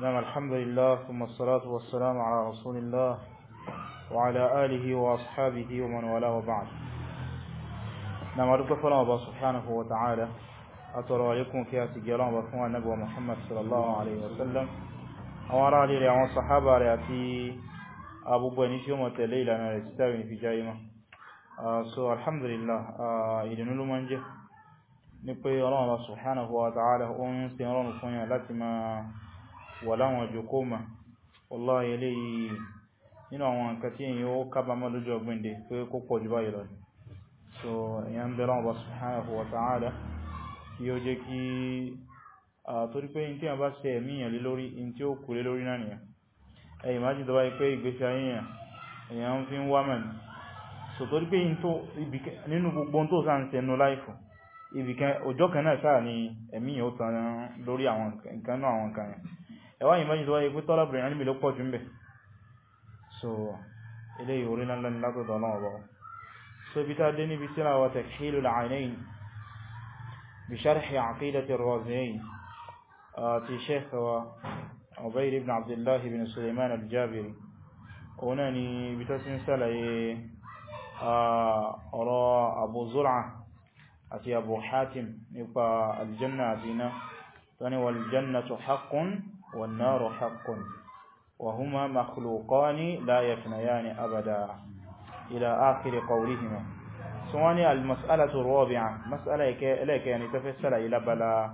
نعم الحمد لله ثم الصلاة والسلام على رسول الله وعلى آله وأصحابه ومن والاه وبعد نعم أرجو فلان الله سبحانه وتعالى أترى عليكم في أتجلان بفوان نبوة محمد صلى الله عليه وسلم أورا لي لعوان صحابة رأتي أبو بنيش يوم التليل أنا أستاوي في جائمة so alhamdulillah ìdínúlú ma ń jẹ́ ní pé ọlọ́run subhanahu wa ta'ala ó ń wà láwọn jòkó ma ihe ninu nínú àwọn nǹkan tí èyàn ó kábàámọ̀ lójú ọgbìnde pé kó pọ̀ jù báyìí lọ so èyàn bẹ̀rẹ̀ Allah subhanahu wa ta'ala kí ó jẹ́ kí torí pé in tí a bá ṣe ẹ̀mí lé lórí in tí ó kù lé lórí náà nìyàn ẹ̀yìn má jìdọ̀ báyìí pé ìgbésí ayéyàn èyàn fi ń wá mẹ́rin so torí pé nínú gbogbo tó sáà ń ṣe nú ẹwà ìmọ́jì tó wáyé pé tọ́lábìnrin alìmì ló pọ̀ jù ń bẹ̀ so ilé ìwòrí lọ́nà látọ̀dọ̀ náà bọ̀ so bí ta dé níbi tíra wa Takhilul Aynayn bí sharhi Aqeedat ar-Raziyayn ti Sheikh wa Ubayr ibn Abdullah ibn Sulaiman al-Jabiri òun náà ni ibi tó ti ń sálàyé ọ̀rọ̀ Abu Hatim nípa aljanna àti iná tó ní wal jannatu haqqun والنار حق وهما مخلوقان لا يفنيان أبدا إلى آخر قولهما سواني المسألة الرابعة مسألة إليك يعني تفسر إلى بلا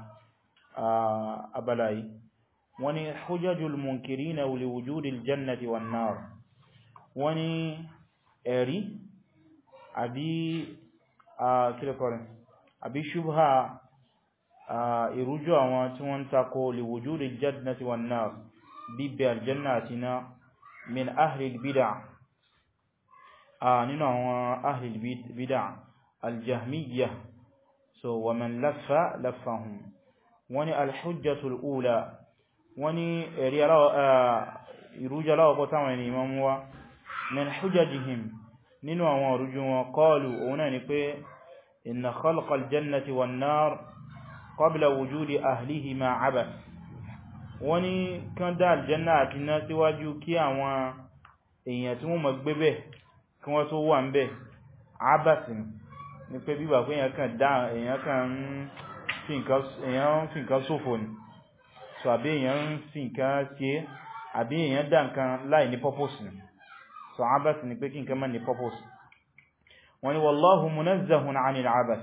آه، أبلاي وني حجج المنكرين لوجود الجنة والنار وني أري أبي آه، أبي شبهة ìrújú àwọn tí wọ́n takò li wujudi jannati wan nar bíbẹ̀ aljanna àti iná min ahlil bid'ah nínú àwọn ahlil bid'ah aljahmiyya so wa man laffa laffahum wọ́n ni alhujjatul ula wọ́n ni ìrújú aláwọ̀kọ́ táwọn ènìyàn mọ́ wá min hujjajihim nínú àwọn ìrújú qabla wujudi ahlihi ma abas wọ́n ní kán dá aljanna àti iná síwájú kí àwọn èèyàn tí wọ́n mọ̀ gbé bẹ̀ kí wọ́n tó wà ń bẹ̀ abas ni pé bíbà pé èèyàn kan dá èèyàn kan fi nǹkan ni so àbí èèyàn ń fi nǹkan ṣe àbí èèyàn dá nǹkan láì purpose ni so abas ni pé kí nǹkan má ní purpose wọ́n wallahu munazzahun 'anil abas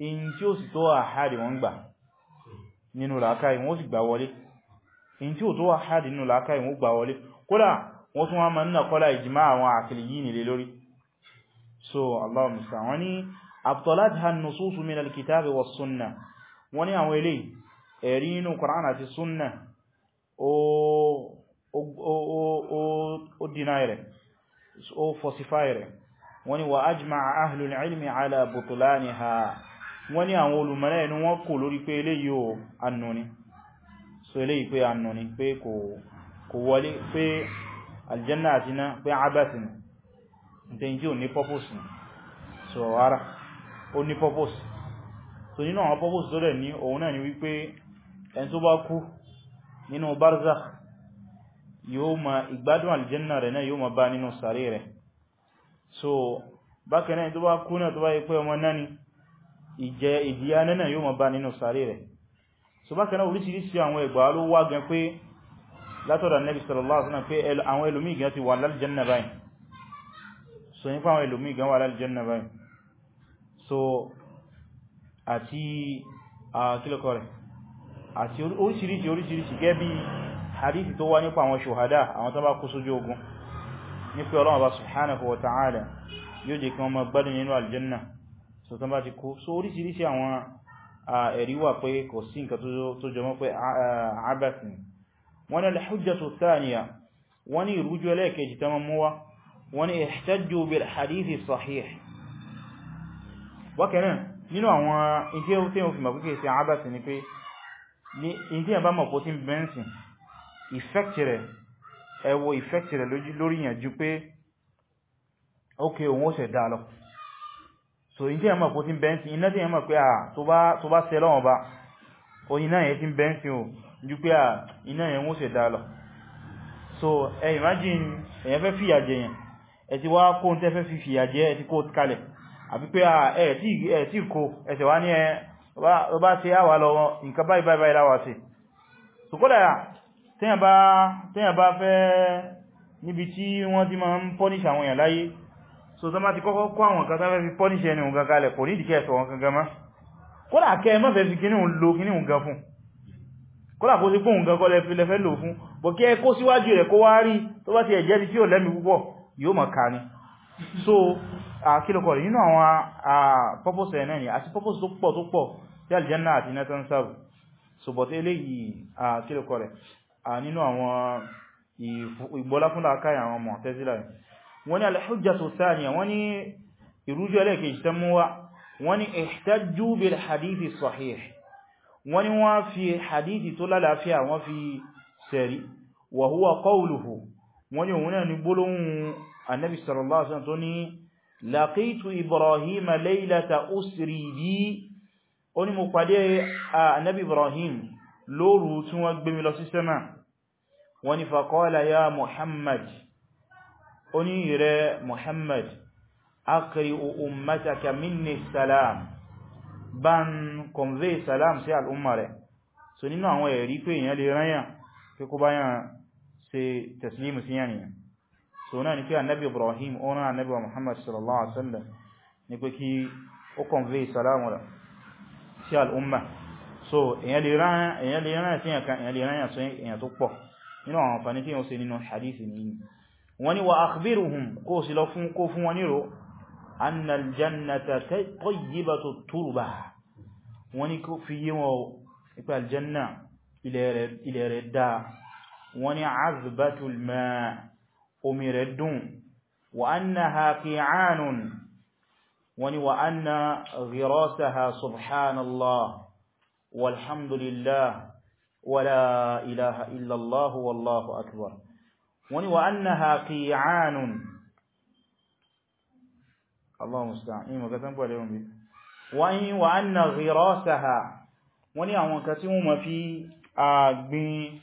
in tí ó sì tó àhádì wọ́n gbà nínú làákàí wọ́n sì gbà wọlé in tí ó tó àhádì nínú làákàí wọ́n gbà wọlé kódà wọ́n tún wá ma nínà kọ́lá ìjìmá àwọn àkìlì yìí nílé lórí so Allah musa wọ́n ni abtolat han nususu min alkitabi wa sunna wọ́n ni àwọn ilé ẹ̀rí inú Qur'an àti sunna ó dínà rẹ̀ ó fọ́sífà rẹ̀ wọ́n ni wa ajma'a ahlul ilmi ala butulaniha wọ́n ní àwọn olùmọ̀lẹ́ inú wọ́n kò lórí pé eléyìí o annu ni so eléyìí pé annu ni pé kò wọlé pé aljanna àti iná pé abasi ni ǹtẹ́ ò ní purpose ni so ara ó ní purpose so nínú àwọn purpose tó rẹ̀ ní òun náà ni wípé ẹni tó bá kú nínú barzakh yóò ma ìgbádùn aljanna rẹ̀ náà yóò ma bá nínú sàréè rẹ̀ so bákan náà tó bá kú náà tó bá yẹ pé ọmọ náà ni ìjẹ ìdíyà nínà yóò mọ̀ bá nínú sàárè rẹ̀ so bákan náà oríṣiríṣi àwọn ẹgbà ló wá gan pé látọ̀dà Nabi sallallahu alaihi wasallam pé àwọn ẹlòmíì gan ti wà láljanna báyìí so yí so àti àkílọ́kọ̀ rẹ̀ àti oríṣiríṣi oríṣiríṣi gẹ́ bí hadithi tó wá nípa àwọn ṣòhádá àwọn tó bá kú sójú ogun ní pé Ọlọ́run Ọba subhanahu yóò jẹ́ kí wọ́n mọ̀ gbádùn nínú aljanna so tán bá ti kú so oríṣiríṣi àwọn ẹ̀rí wà pé kò sí nǹkan tó jọmọ́ pé abath ni wọ́n ni al-hujjatu thaniya wọ́n ni ìrújú ẹlẹ́ẹ̀kejì tán mọ́ wá wọ́n ni ihtajju bil hadithi sahih wákẹ̀rẹ̀ nínú àwọn iṣẹ́ tí ó fi mọ̀ pípẹ́ sí abath ni ẹwọ ìfẹ́kì rẹ̀ lórí ìyànjú pé ókè òun ó ṣẹ̀dá lọ so in tí yẹn mọ̀ kó tí ń bẹ́ǹsì iná tí yẹn mọ̀ pé à tó bá sẹ lọ́wọ́ bá o ina yẹn tí ń o ju pé à iná yẹn wó sẹ dá lọ so ẹ imagine èyàn fẹ́ fìyà jẹ yẹn ẹ ti wá kó ń tẹ́ fẹ́ fi fìyà jẹ ẹ ti kó kalẹ̀ àbí pé à ẹ tí kó ẹsẹ̀ wá ní ẹ ọ bá ṣe àwà lọ nǹkan báyìí báyìí láwà sí so kódà téèyàn bá fẹ́ níbi tí wọ́n ti máa ń pọ́níṣ àwọn èèyàn láyé so tó má ti kọ́kọ́ kọ́ àwọn kan tánfẹ́ fi pọ́níṣẹ́ ẹni òun gangan lẹ̀ kò ní ìdíkẹ́ sọ̀rọ̀ gangan má kódà kẹ́ mọ́ fẹ́ fi kíní òun lo kíní òun gan fún kódà kó sí pé òun gangan lẹ́fẹ́ lò fún bọ̀ kí ẹ kó síwájú rẹ̀ kó wá tó bá ti ẹ̀jẹ́ ti tí ò púpọ̀ yóò mọ̀ ká ni so àkílọ̀kọ̀ rẹ̀ nínú ni àti purpose tó pọ̀ tó pọ̀ tí aljanna àti nathan serve so but eléyìí àkílọ̀kọ̀ rẹ̀ nínú àwọn ìgbọ́lá fún làákàyà àwọn wọ́n ní alhujjatu thaniya wọ́n ní ìrújú ẹlẹ́kejì tán mú wá wọ́n ní ihtajju bil hadithi sahih wọ́n ní wọ́n fi hadithi tó lálàáfíà wọ́n fi sẹ̀rí wa huwa qawluhu wọ́n ní òun náà ni annabi sallallahu ya muhammad ó ní ìrẹ Muhammad akiri ummataka minni salam bá ń convey salam sí al'umma rẹ̀ so nínú àwọn ẹ̀rí pé èyàn lè rányàn pé kó báyàn ṣe taslimu sí yànìyàn so náà ni pé annabi Ibrahim ó rán annabi Muhammad sallallahu alaihi wasallam ni pé kí ó convey salam rẹ̀ sí al'umma so èyàn lè rányàn sí èyàn kan èyàn lè rányàn sí èyàn tó pọ̀ nínú àwọn àǹfààní tí wọ́n nínú hadisi nìyí wọ́n ni wa akhbiruhum kó sì lọ fún kó fún wọn nírò annal jannata tayyibatu turba wọ́n ni kó fi yí wọn ipa aljanna ilẹ̀ rẹ̀ dáa wọ́n ni azbatul ma omi rẹ̀ dùn wa annaha qi'anun wọ́n ni wa anna ghirasaha subhanallah walhamdulillah wala ilaha illallah wallahu akbar wọ́n ni wa annaha qi'anun Allahu musta'an in maka tan pẹ̀lẹ̀ omi wọ́n ni wa anna ghirasaha wọ́n ni àwọn nǹkan tí wọ́n ma fi a gbin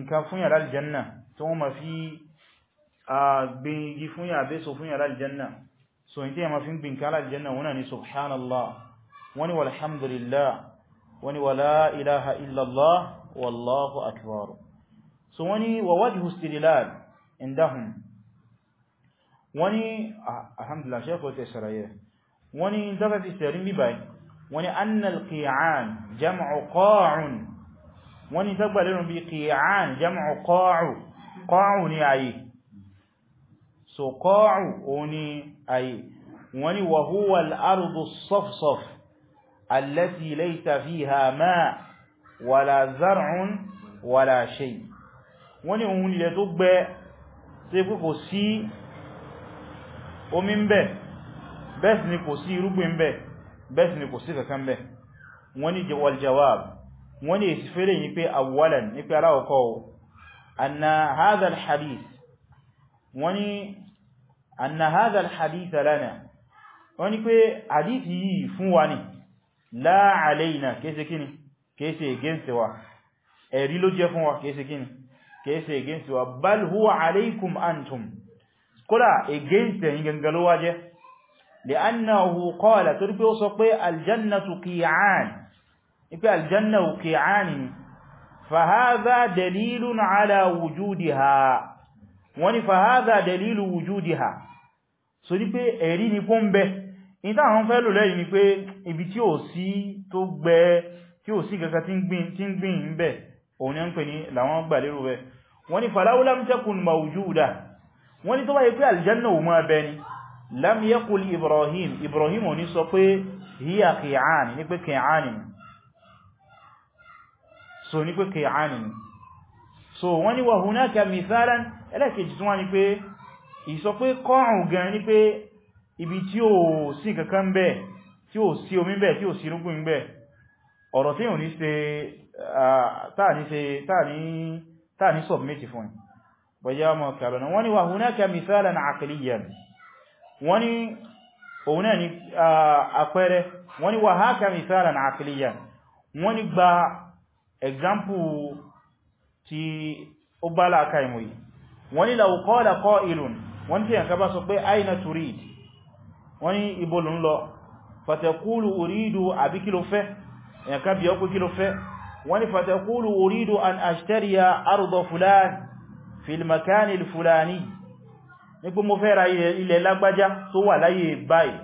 nǹkan fún yàrá aljanna tí wọ́n ma fi a gbin igi fún yàrá abẹ́so fún yàrá aljanna so in tí ya ma fi gbin kan aljanna wọ́n ni subhanallah wọ́n ni walhamdulillah wọ́n ni wa la ilaha illallah wallahu akbar so wani wa wajhu istidlal indahum wani alhamdulillah sheikh wata saraye wani intafa fi sarin bibai wani anna alqi'an jam'u qa'un wani tagbalirun bi qi'an jam'u qa'u qa'u ni ayi so qa'u oni ayi wani wa huwa al-ardu as-safsaf allati laysa fiha ma' wala zar'un wala shay' wọ́n ní òun ilẹ̀ tó gbẹ tí pé kò sí omi ń bẹ bẹ́ẹ̀ sì ni kò sí irúgbìn ń bẹ bẹ́ẹ̀ sì ni kò sí kankan ń bẹ wọ́n ní wal jawab wọ́n ní èsì fẹ́rẹ̀ yí pé awwalan ní pé aláwọ̀kọ́ anna hadha al hadith ẹ̀rí ló jẹ́ fún wa kéèsè kíni kèése against wa bal huwa alaykum antum kódà against ẹ̀yin gangalówá jẹ́ li'annahu qala tó rípé ó sọ pé aljannatu qi'an ipé aljannatu qi'an ni fahadha dalilun ala wujudiha wani fahadha dalilu wujudiha so ní pé ẹ̀rí ni fún bẹ ìta àwọn fẹ́ lò lẹ́yìn ni pé ibi tí ò sí tó gbẹ tí ò sí kankan tí ń gbìn ń bẹ òun ni a ń pè ní làwọn gbà lérò rẹ̀ wọ́n ni falaw lam takun mawjuda wọ́n ni tó bá yẹ pé aljanna ò máa bẹ ni lam yaqul ibrahim ibrahim ò ní sọ pé hiya qi'an ní pé qi'an ni so ní pé qi'an ni ọ̀rọ̀ tí ò ní ṣe táà ní submit fún bọ̀yá ọmọ kàbẹ̀nà wọ́n ni wà hunaka mithalan aqliyan wọ́n ni òun náà ni àpẹẹrẹ wọ́n ni wọ́n ni gba example tí ó bá láàká ìmú yìí wọ́n ni law qala qa'ilun wọ́n tí yanka bá sọ pé aina turid wọ́n àbíkí ló fẹ́ èyàn ká bí ọkú kí ló fẹ́ wọ́n ni fatakulu uridu an ashtariya arda fulan fil makani fulani ní pé mo fẹ́ ra ilẹ̀ lágbájá tó wà láyé báyìí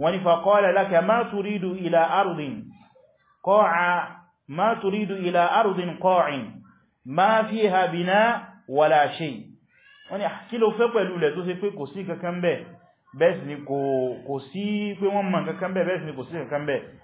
wọ́n ni faqala laka ma turidu ila ardin qa'a ma turidu ila ardin qa'in ma fiha bina wala shay wọ́n ni ah, kí ló fẹ́ pẹ̀lú ilẹ̀ tó ṣe pé kò sí kankan bẹ́ẹ̀ bẹ́ẹ̀ sì ni kò sí pé wọ́n mọ̀ kankan bẹ́ẹ̀ bẹ́ẹ̀ sì ni kò sí kankan bẹ́ẹ̀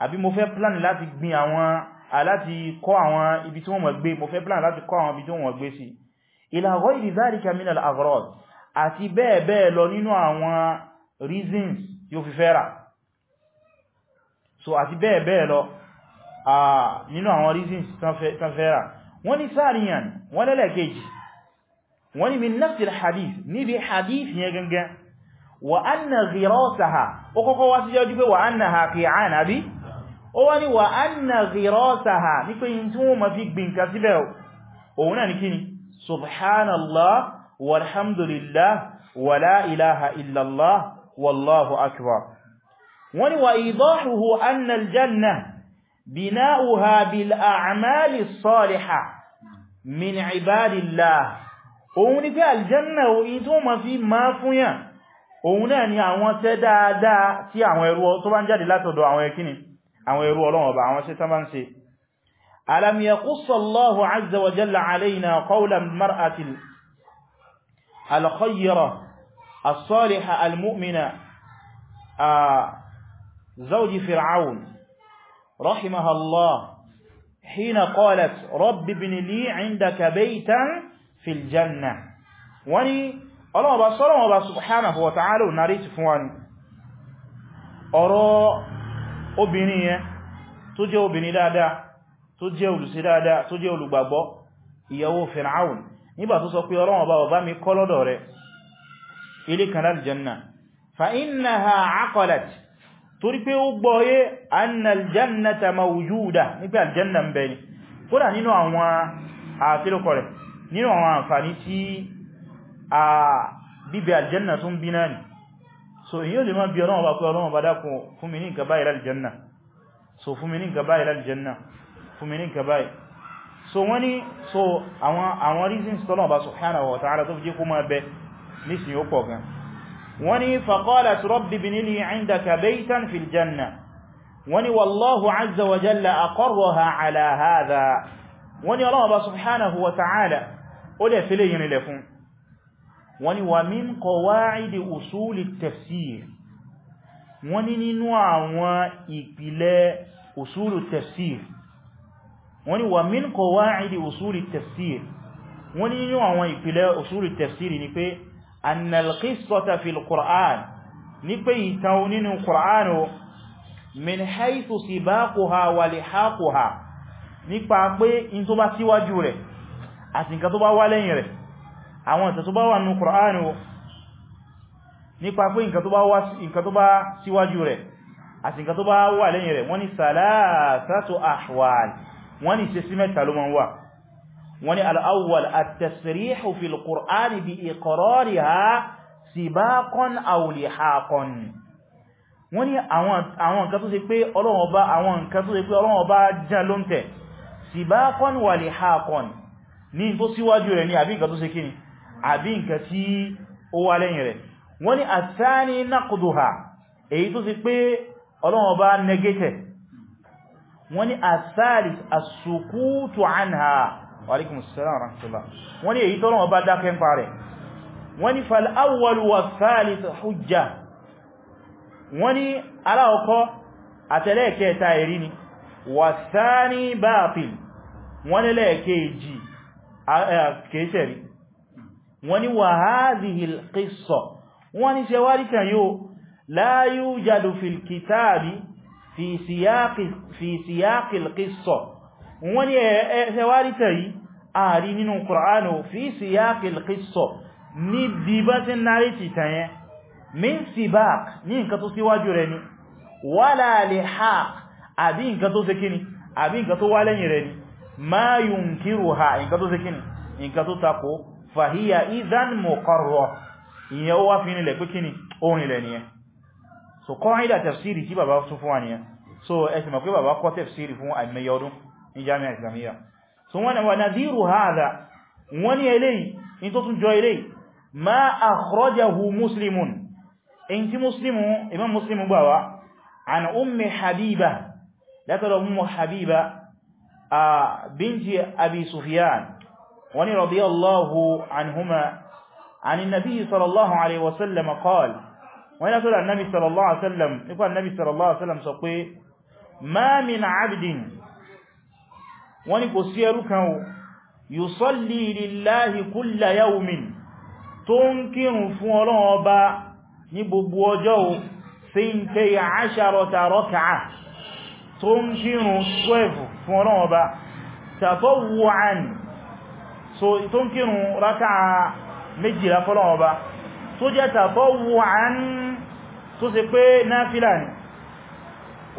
àbí mo fẹ́ plan láti gbin àwọn aláti kọ́ àwọn ibi tí wọ́n mọ̀ gbé mo fẹ́ plan láti kọ́ àwọn ibi tí wọ́n mọ̀ gbé sí ila ghayri dhalika min àti bẹ́ẹ̀ bẹ́ẹ̀ lọ nínú àwọn reasons tí fi fẹ́ so àti bẹ́ẹ̀ bẹ́ẹ̀ lọ nínú àwọn reasons tán fẹ́ rà wọ́n ni sáàríyàn wọ́n lẹ́lẹ́kejì wọ́n ni min nafsi al-hadith níbi hadith yẹn gangan wa anna ghirasaha ó kọ́kọ́ wá sí jẹ́ ojú wa annaha qi'an àbí ó wá ní wà anna ghirasaha ní pé yí tí wọ́n ma fi gbìn nǹkan síbẹ̀ òun náà ní kí ni subhanallah walhamdulillah wala ilaha illallah wallahu akbar wọ́n ní wà idahuhu anna aljanna bina'uha bil a'mali salihah min ibadillah òun ní pé aljanna òun tí ma fi máa fún yàn òun náà ni àwọn tẹ́ dáadáa tí àwọn ẹrú tó bá ń jáde látọ̀dọ̀ àwọn ẹkíni àwọn ẹrú Ọlọ́run Ọba àwọn ṣe tán bá ń ṣe alam yaqussa Allahu azza wa jalla alayna qawla al-mar'ati al-khayyira as-saliha al-mu'mina zawji fir'aun rahimaha Allah hina qalat rabbi ibni li wani Ọlọ́run Ọba subhanahu wa ta'ala narrate fún wani ọ̀rọ̀ obìnrin yẹn tó jẹ́ obìnrin dáadáa tó jẹ́ olùṣe dáadáa tó jẹ́ olùgbàgbọ́ ìyàwó Fir'aun nígbà tó sọ pé Ọlọ́run Ọba ọba mi kọ́ lọ́dọ̀ rẹ̀ ilé kan láti janna fa innaha aqalat torí pé ó gbọ́yé anna aljannata mawjuda nígbà aljanna ń bẹ ni so èyí ò lè máa bí ọlọ́wọ́ bá pé ọlọ́wọ́ bá dákun fún mi ní nǹkan báyìí so fún mi ní nǹkan báyìí láti janna fún mi ní nǹkan báyìí so wọ́n ní so àwọn àwọn reasons tọ́lọ́wọ́ bá subhanahu wa ta'ala tó fi jẹ́ kó máa bẹ nísìn ó pọ̀ gan wọ́n ní faqalat rabbi bini li indaka baytan fil janna wọ́n ní wallahu azza wọ́n ni wà min qawaidi usuli tafsir wọ́n ni nínú àwọn ìpìlẹ̀ usulu tafsir wọ́n ni wà min qawaidi usuli tafsir wọ́n ni nínú àwọn ìpìlẹ̀ usulu tafsir ni pé annal qissata fil qur'an ni pé ìtàn nínú qur'an àwọn ìtẹ̀ tó bá wà ní Kùránì o nípa pé nǹkan tó bá síwájú rẹ̀ àti nǹkan tó bá wà lẹ́yìn rẹ̀ wọ́n ni sàlátàtò àṣwàl wọ́n ni ṣe sí mẹ́ta ló máa wà wọ́n ni al'awwal at-tasrihu fil Qur'ani bi iqrariha sibaqan aw lihaqan wọ́n ni àwọn nǹkan tó ṣe ní tó síwájú rẹ̀ ní àbí nǹkan tó ṣe kíni àbí nǹkan tí ó wá lẹ́yìn rẹ̀ wọ́n ní àtàní nákùdùhà èyí tó sì pé ọlọ́wọ́ bá negate wọ́n ní àtàrí àsùkútù àníhà alaikum salam rahmatullah wọ́n ní èyí tó lọ́wọ́ bá dákẹ́ ń parẹ̀ wọ́n ní fal'awwal wa wọ́n ni wa thani baatil wọ́n wọ́n ni wa hadhihi al-qissa wọ́n ni ṣe wárí kan yóò la yujadu fil kitabi fi siyaqi al-qissa wọ́n ni ṣe wárí kan yìí ààrí nínú Qur'anu fi siyaqi al-qissa ní dìbátín nárí tìtàn yẹn min sibaq ní nǹkan tó síwájú rẹ̀ ni ni ma nǹkan tó ṣe fàhíyà ìdán mọ̀kọ̀rọ̀ ìyẹn ó wá fi nílẹ̀ pé kí ni ó nílẹ̀ nìyẹn so kọ́rìdà tafsiri tí bàbá tún fún wa so ẹsì mọ̀ pé bàbá kọ́ tafsiri fún àìmẹ́yẹ ọdún so wọ́n wà nadhiru hadha wọ́n ni eléyìí in tó tún jọ eléyìí ma akhrajahu muslimun in ti muslimu imam muslimu gbà wá an ummi habiba abi sufyan وني رضي الله عنهما عن النبي صلى الله عليه وسلم قال وإن سأل النبي صلى الله عليه وسلم يقول النبي صلى الله عليه وسلم سقوي ما من عبد وني قسيرك يصلي لله كل يوم تنكر فولوبا نبوبو جو سنتي عشرة ركعة تنكر 12 فولوبا تفوعا so tó ń kírun rákà méjìlá fọ́lọ́wọ́ bá tó jẹ́ tatawwu'an tó ṣe pé náfílà ni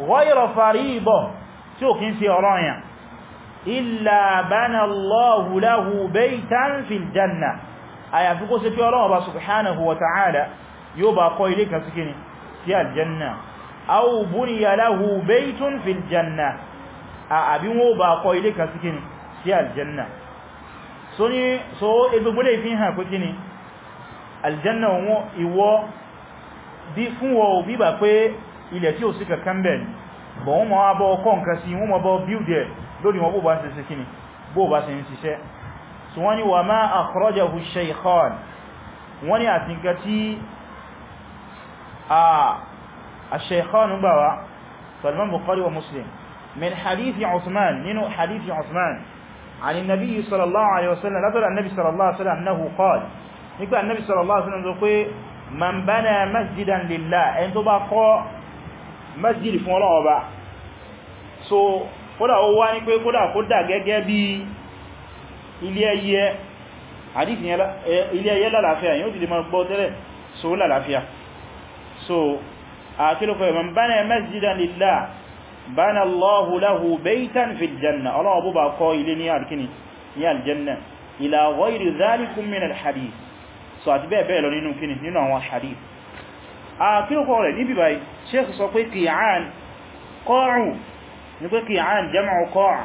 ghayra faridha tí ò kí ń ṣe ọ̀ranyàn illa banallahu lahu baytan fil janna àyàfi kó ṣe pé ọlọ́wọ́ bá subhanahu wa ta'ala yóò bá kọ́ ilé kan síkini sí aljanna aw buniya lahu baytun fil so ní so egbogbo lè fi hàn pé kí ni aljanna wọn ìwọ bí fún wọ òbí bà pé ilẹ̀ tí ó sí kankan bẹ̀ bọ̀ wọ́n ma bọ́ ọkọ̀ nǹkan sí wọ́n ma bọ́ bíúdẹ̀ lórí wọn bó bá ṣe sí kíni bó bá ṣe ń ṣiṣẹ́ so wọ́n ni wà máa akhrajahu shaykhan wọ́n ni àti nǹkan tí a shaykhan gbà wá Salman Bukhari wa Muslim min hadithi Uthman nínú hadithi Uthman عن النبي صلى الله عليه وسلم لطل النبي صلى الله عليه وسلم أنه قال نقول النبي صلى الله عليه وسلم يقول من بنى مسجدا لله أن تبقى مسجد فún Ọlọ́run Ọba so kódà ó wá ní pé kódà kódà gẹ́gẹ́ bí ilé ẹyẹ àdíkì ilé ẹyẹ lálàáfíà yíó ti lè máa gbọ́ tẹ́lẹ̀ so lálàáfíà so àkílùkọ́ man bana masjidan lillah bana Allahu lahu baytan fil janna ọlọ́wọ́ bó bá kọ́ ilé ní àríkíní ní aljanna ila ghayri dhalikum min alhadith so àti bẹ́ẹ̀ bẹ́ẹ̀ lọ nínú kíní nínú àwọn hadith a kílùkọ́ rẹ̀ níbi báyìí sheikh sọ pé qi'an qa'u ní pé qi'an jam'u qa'a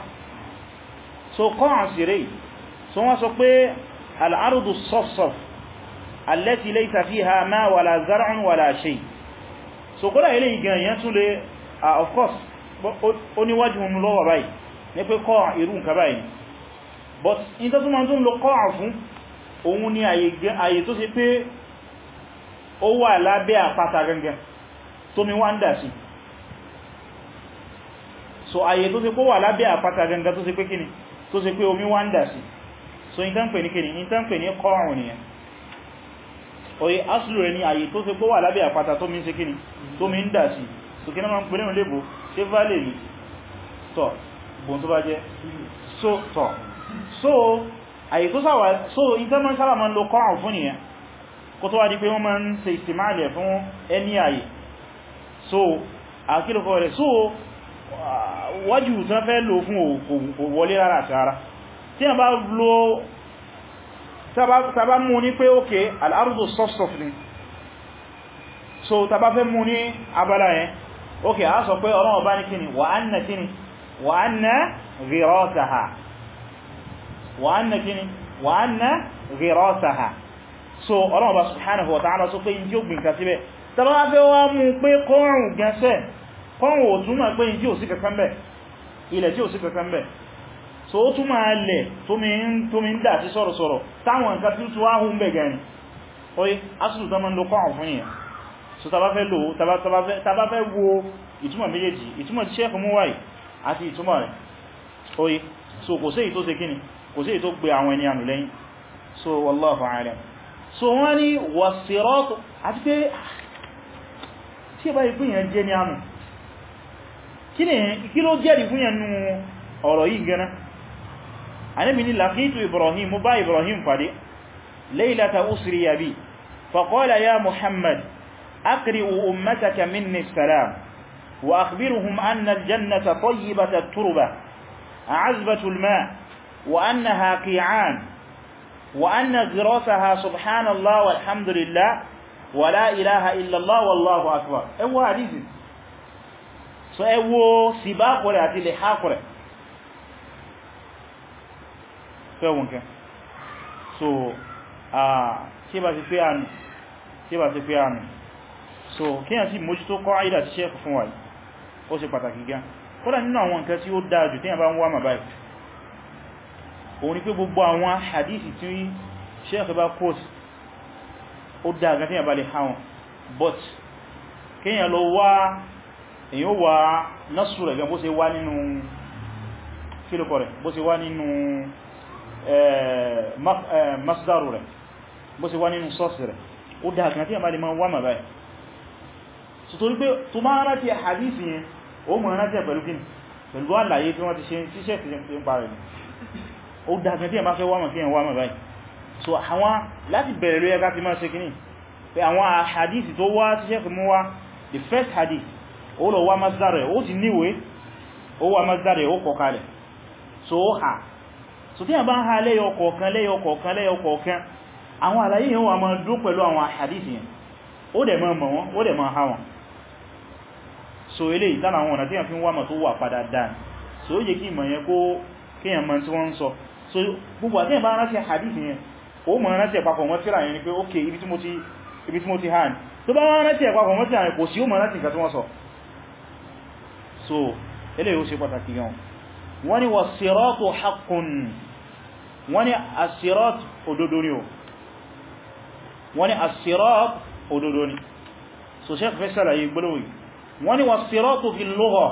so qa'a sí rẹ̀ so wọ́n sọ pé al'arudu of course ó níwájú mú lọ́wọ́ báyìí ní pé kọ́ irú nǹkan báyìí but in tó túnmọ̀ tó ń lo kọ́ fún òun ni àyè tó ṣe pé ó wà lábẹ́ àpáta gangan tó mi wá ń dà sí so àyè tó ṣe pé ó wà lábẹ́ àpáta gangan tó ṣe pé kíni tó ṣe pé omi wá ń dà sí so in tán pè ní kíni in tán pè ní kọ́ ọ̀rùn nìyẹn oye asìlò rẹ̀ ni àyè tó ṣe pé ó wà lábẹ́ àpáta tó mi ń ṣe kíni tó mi ń dà sí so kí náà ṣe valẹ̀ ní tọ̀ bọ̀n tó bá jẹ́ so tọ̀ so àyè tó sáwà so internet sábà ma ń lo kọ́ràn fún nìyẹn kó tó wá di pé wọ́n ma ń ṣe ìsìmáàlẹ̀ fún ẹni àyè so àkílùkọ́ rẹ̀ so wájú tán fẹ́ lò fún kò wọlé rárá àti rárá tí a bá lo tàbá mú ní pé ókè al soft soft ni so tàbá fẹ́ mú ní abala yẹn ok a sọ pé ọlọ́wọ́ bá ní kíni wà á nà kíni wà á nà ghirasaha wà á nà kíni wà á nà ghirasaha so ọlọ́wọ́ bá subhanahu wa ta'ala sọ pé in tí ó gbìn kásíbẹ̀ tàbí wá fẹ́ wá mú pé kọrùn gẹnsẹ̀ kọrùn ò so ó túnmà alẹ̀ tó mi ń dà sí sọ̀rọ̀sọ̀rọ̀ táwọn nǹkan tí ó tún wá hùn bẹ̀ gani so tàbá fẹ́ lò tàbá fẹ́ wo ìtumọ̀ méjèèjì ìtumọ̀ tí sẹ́ẹ̀kù mú wáyìí àti ìtumọ̀ rẹ̀ oye so kò sí ìtó sekíni kò sí ìtó gbé àwọn ẹni àmì lẹ́yìn so wallahu a'lam so wọ́n ní wasirat àti pé tí ẹbá ìpínyàn jẹ́ ní àmì kí ló jẹ́ ìpínyàn nú ọ̀rọ̀ yìí gẹ́nà anẹ́bì ní laqitu Ibrahim mo bá Ibrahim pàdé laylata usriya bi faqala ya Muhammad أقرئ أمتك مني السلام وأخبرهم أن الجنة طيبة التربة عذبة الماء وأنها قيعان وأن زراسها سبحان الله والحمد لله ولا إله إلا الله والله أكبر ẹwọ́ إيوه àdíjì so إيوه سباق ولا àti lè hákùrẹ̀ fẹ́wọ̀n kẹ́ so a ṣíbà ti fẹ́ so kíyàn sí mójútó kọ́ àìdà ti ṣẹ́kù fún wáyìí ó ṣe pàtàkì gan kódà nínú àwọn nǹkan tí ó dáadù tí a bá ń wá màbáyì òun ni pé gbogbo àwọn hadithi tí ṣẹ́kù bá post ó dáagan tí a bá lè ha wọn but kíyàn lọ wá èyàn wá násù rẹ̀ gan bó ṣe wá nínú kílùkọ rẹ̀ bó ṣe wá nínú masdaru rẹ̀ bó ṣe wá nínú sọ́ọ̀sì rẹ̀ ó dáagan tí a bá lè máa wá màbáyì so torí pé tó máa rántí hadith yẹn ó mọ̀ rántí pẹ̀lú kí pẹ̀lú àlàyé bí wọ́n ti ṣe tíṣẹ́ ti ṣe ń parẹ̀ ní ó dákan tí ẹ̀ bá fẹ́ wámọ̀ kí ẹ̀ báyìí so àwọn láti bẹ̀rẹ̀ ló yẹ ká ti máa ṣe kíní pé àwọn hadith the first hadith ó lọ wá masdar ó ti níwé ó wá masdar ó so ó so tí a bá ń ha lẹ́yọ kọ̀ọ̀kan lẹ́yọ kọ̀ọ̀kan lẹ́yọ kọ̀ọ̀kan àwọn àlàyé yẹn wà máa dún pẹ̀lú àwọn hadith dẹ̀ máa mọ̀ wọ́n ó dẹ̀ máa ha wọn so eléyìí lára àwọn ọ̀nà tí yàn fi ń wá mọ̀ tó wà padà dáa so ó yẹ kí ìmọ̀ yẹn kó kíyàn mọ̀ tí wọ́n ń sọ so gbogbo àti ìbá ránṣẹ́ hadith yẹn ó mọ̀ ránṣẹ́ papọ̀ wọ́n tíra yẹn ni pé ok ibi tí mo ti hàn tó bá wọ́n ránṣẹ́ papọ̀ wọ́n tíra yẹn kò wọ́n ni wà sírọ́tù fi lugha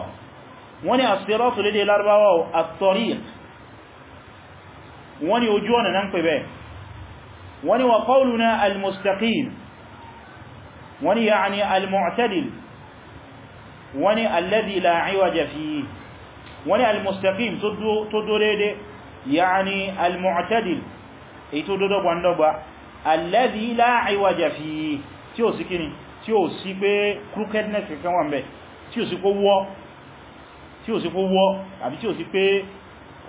wọ́n ni àsírọ́tù lédè lárúbáwá at-tariq wọ́n ni ojú ọ̀nà náà ń pè bẹ́ wọ́n ni wà qawluna al-mustaqim wọ́n ni ya'ni al-mu'tadil wọ́n ni alladhi la 'iwaja wọ́n ni al tó dó lédè ya'ni al-mu'tadil èyí tó dó dọ́gbandọ́gba alladhi la 'iwaja fihi tí ó sì kíni tí ó sí pé crookedness kankan wà ńbẹ̀ tí ó sì kó wọ́ tí ó sì kó wọ́ àbí tí ó sì pé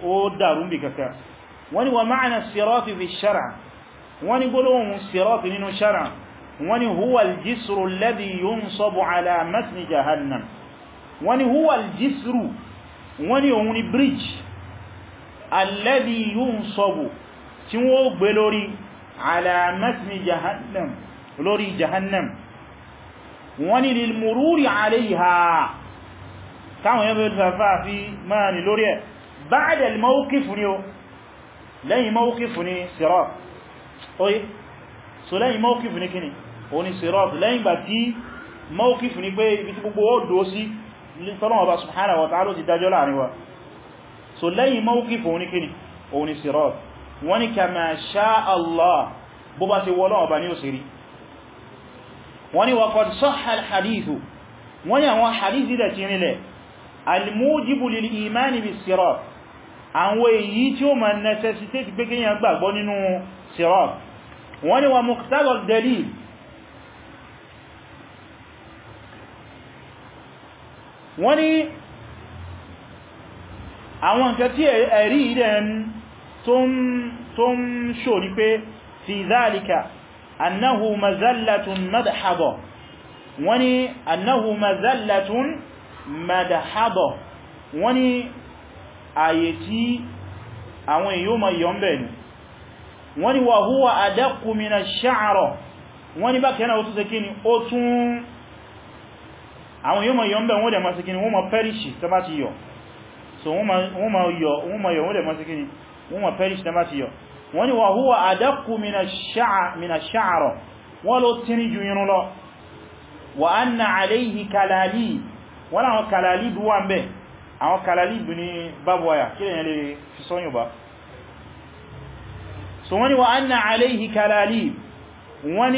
ó dàrú bí kankan wọ́n ní wa ma'na sirati fi shara wọ́n ní gbólóhùn sirati nínú shara wọ́n ní huwa al-jisru alladhi yunsabu ala matni jahannam wọ́n ní huwa jisru wọ́n ní òun ni bridge alladhi yunsabu tí wọ́n gbé lórí ala matni lórí jahannam wọ́n ni lil mururi alayha táwọn yẹ́bẹ̀ ìfẹ́fà fi máa ni lórí ẹ̀ ba'da al mawqif ni o lẹ́yìn mawqif ni sirat oye so lẹ́yìn mawqif ni kíni o ni sirat lẹ́yìn gbà tí mawqif ni pé ibi tí gbogbo ó dó sí tọ́lọ́wọ́ba subhanahu wa bá wọ́n ni waqad sahha al-hadithu wọ́n ni àwọn hadithi da ti rinlẹ̀ al-mujibu lil-imani bis-sirat àwọn èyí tí ó ma necessitate pé kíyàn gbàgbọ́ nínú sirat wọ́n ni wa muqtada al wọ́n ni àwọn nǹkan tí ẹ̀rí ìdẹ̀ tó ń ṣò pé fi dhalika annahu mazallatun madhhaba wani annahu mazallatun madhhaba wani àyè tí àwọn èyí ma yọ ń bẹ̀ ni wani wa huwa adaqqu min ash-sha'ra wani bá kẹ́nà òtún sẹ́kí ni ó tún àwọn èyí ma yọ ń bẹ̀ wọ́n dẹ̀ ma sẹ́kí ni wọ́n ma pẹ́rìṣì tẹ́ bá ti so wọ́n ma yọ wọ́n dẹ̀ ma sẹ́kí ni wọ́n ma pẹ́rìṣì tẹ́ bá ti yọ wọ́n ni wa huwa adaqqu mina ash-sha'r wọ́n ló tíní ju irun lọ wa anna alayhi kalalib wọ́n àwọn kalalib wà ń bẹ̀ àwọn kalalib ní bábuwaya kí lèyàn lè fi sọ́yìn ba so wọ́n ni wa anna alayhi kalalib wọ́n wọ́n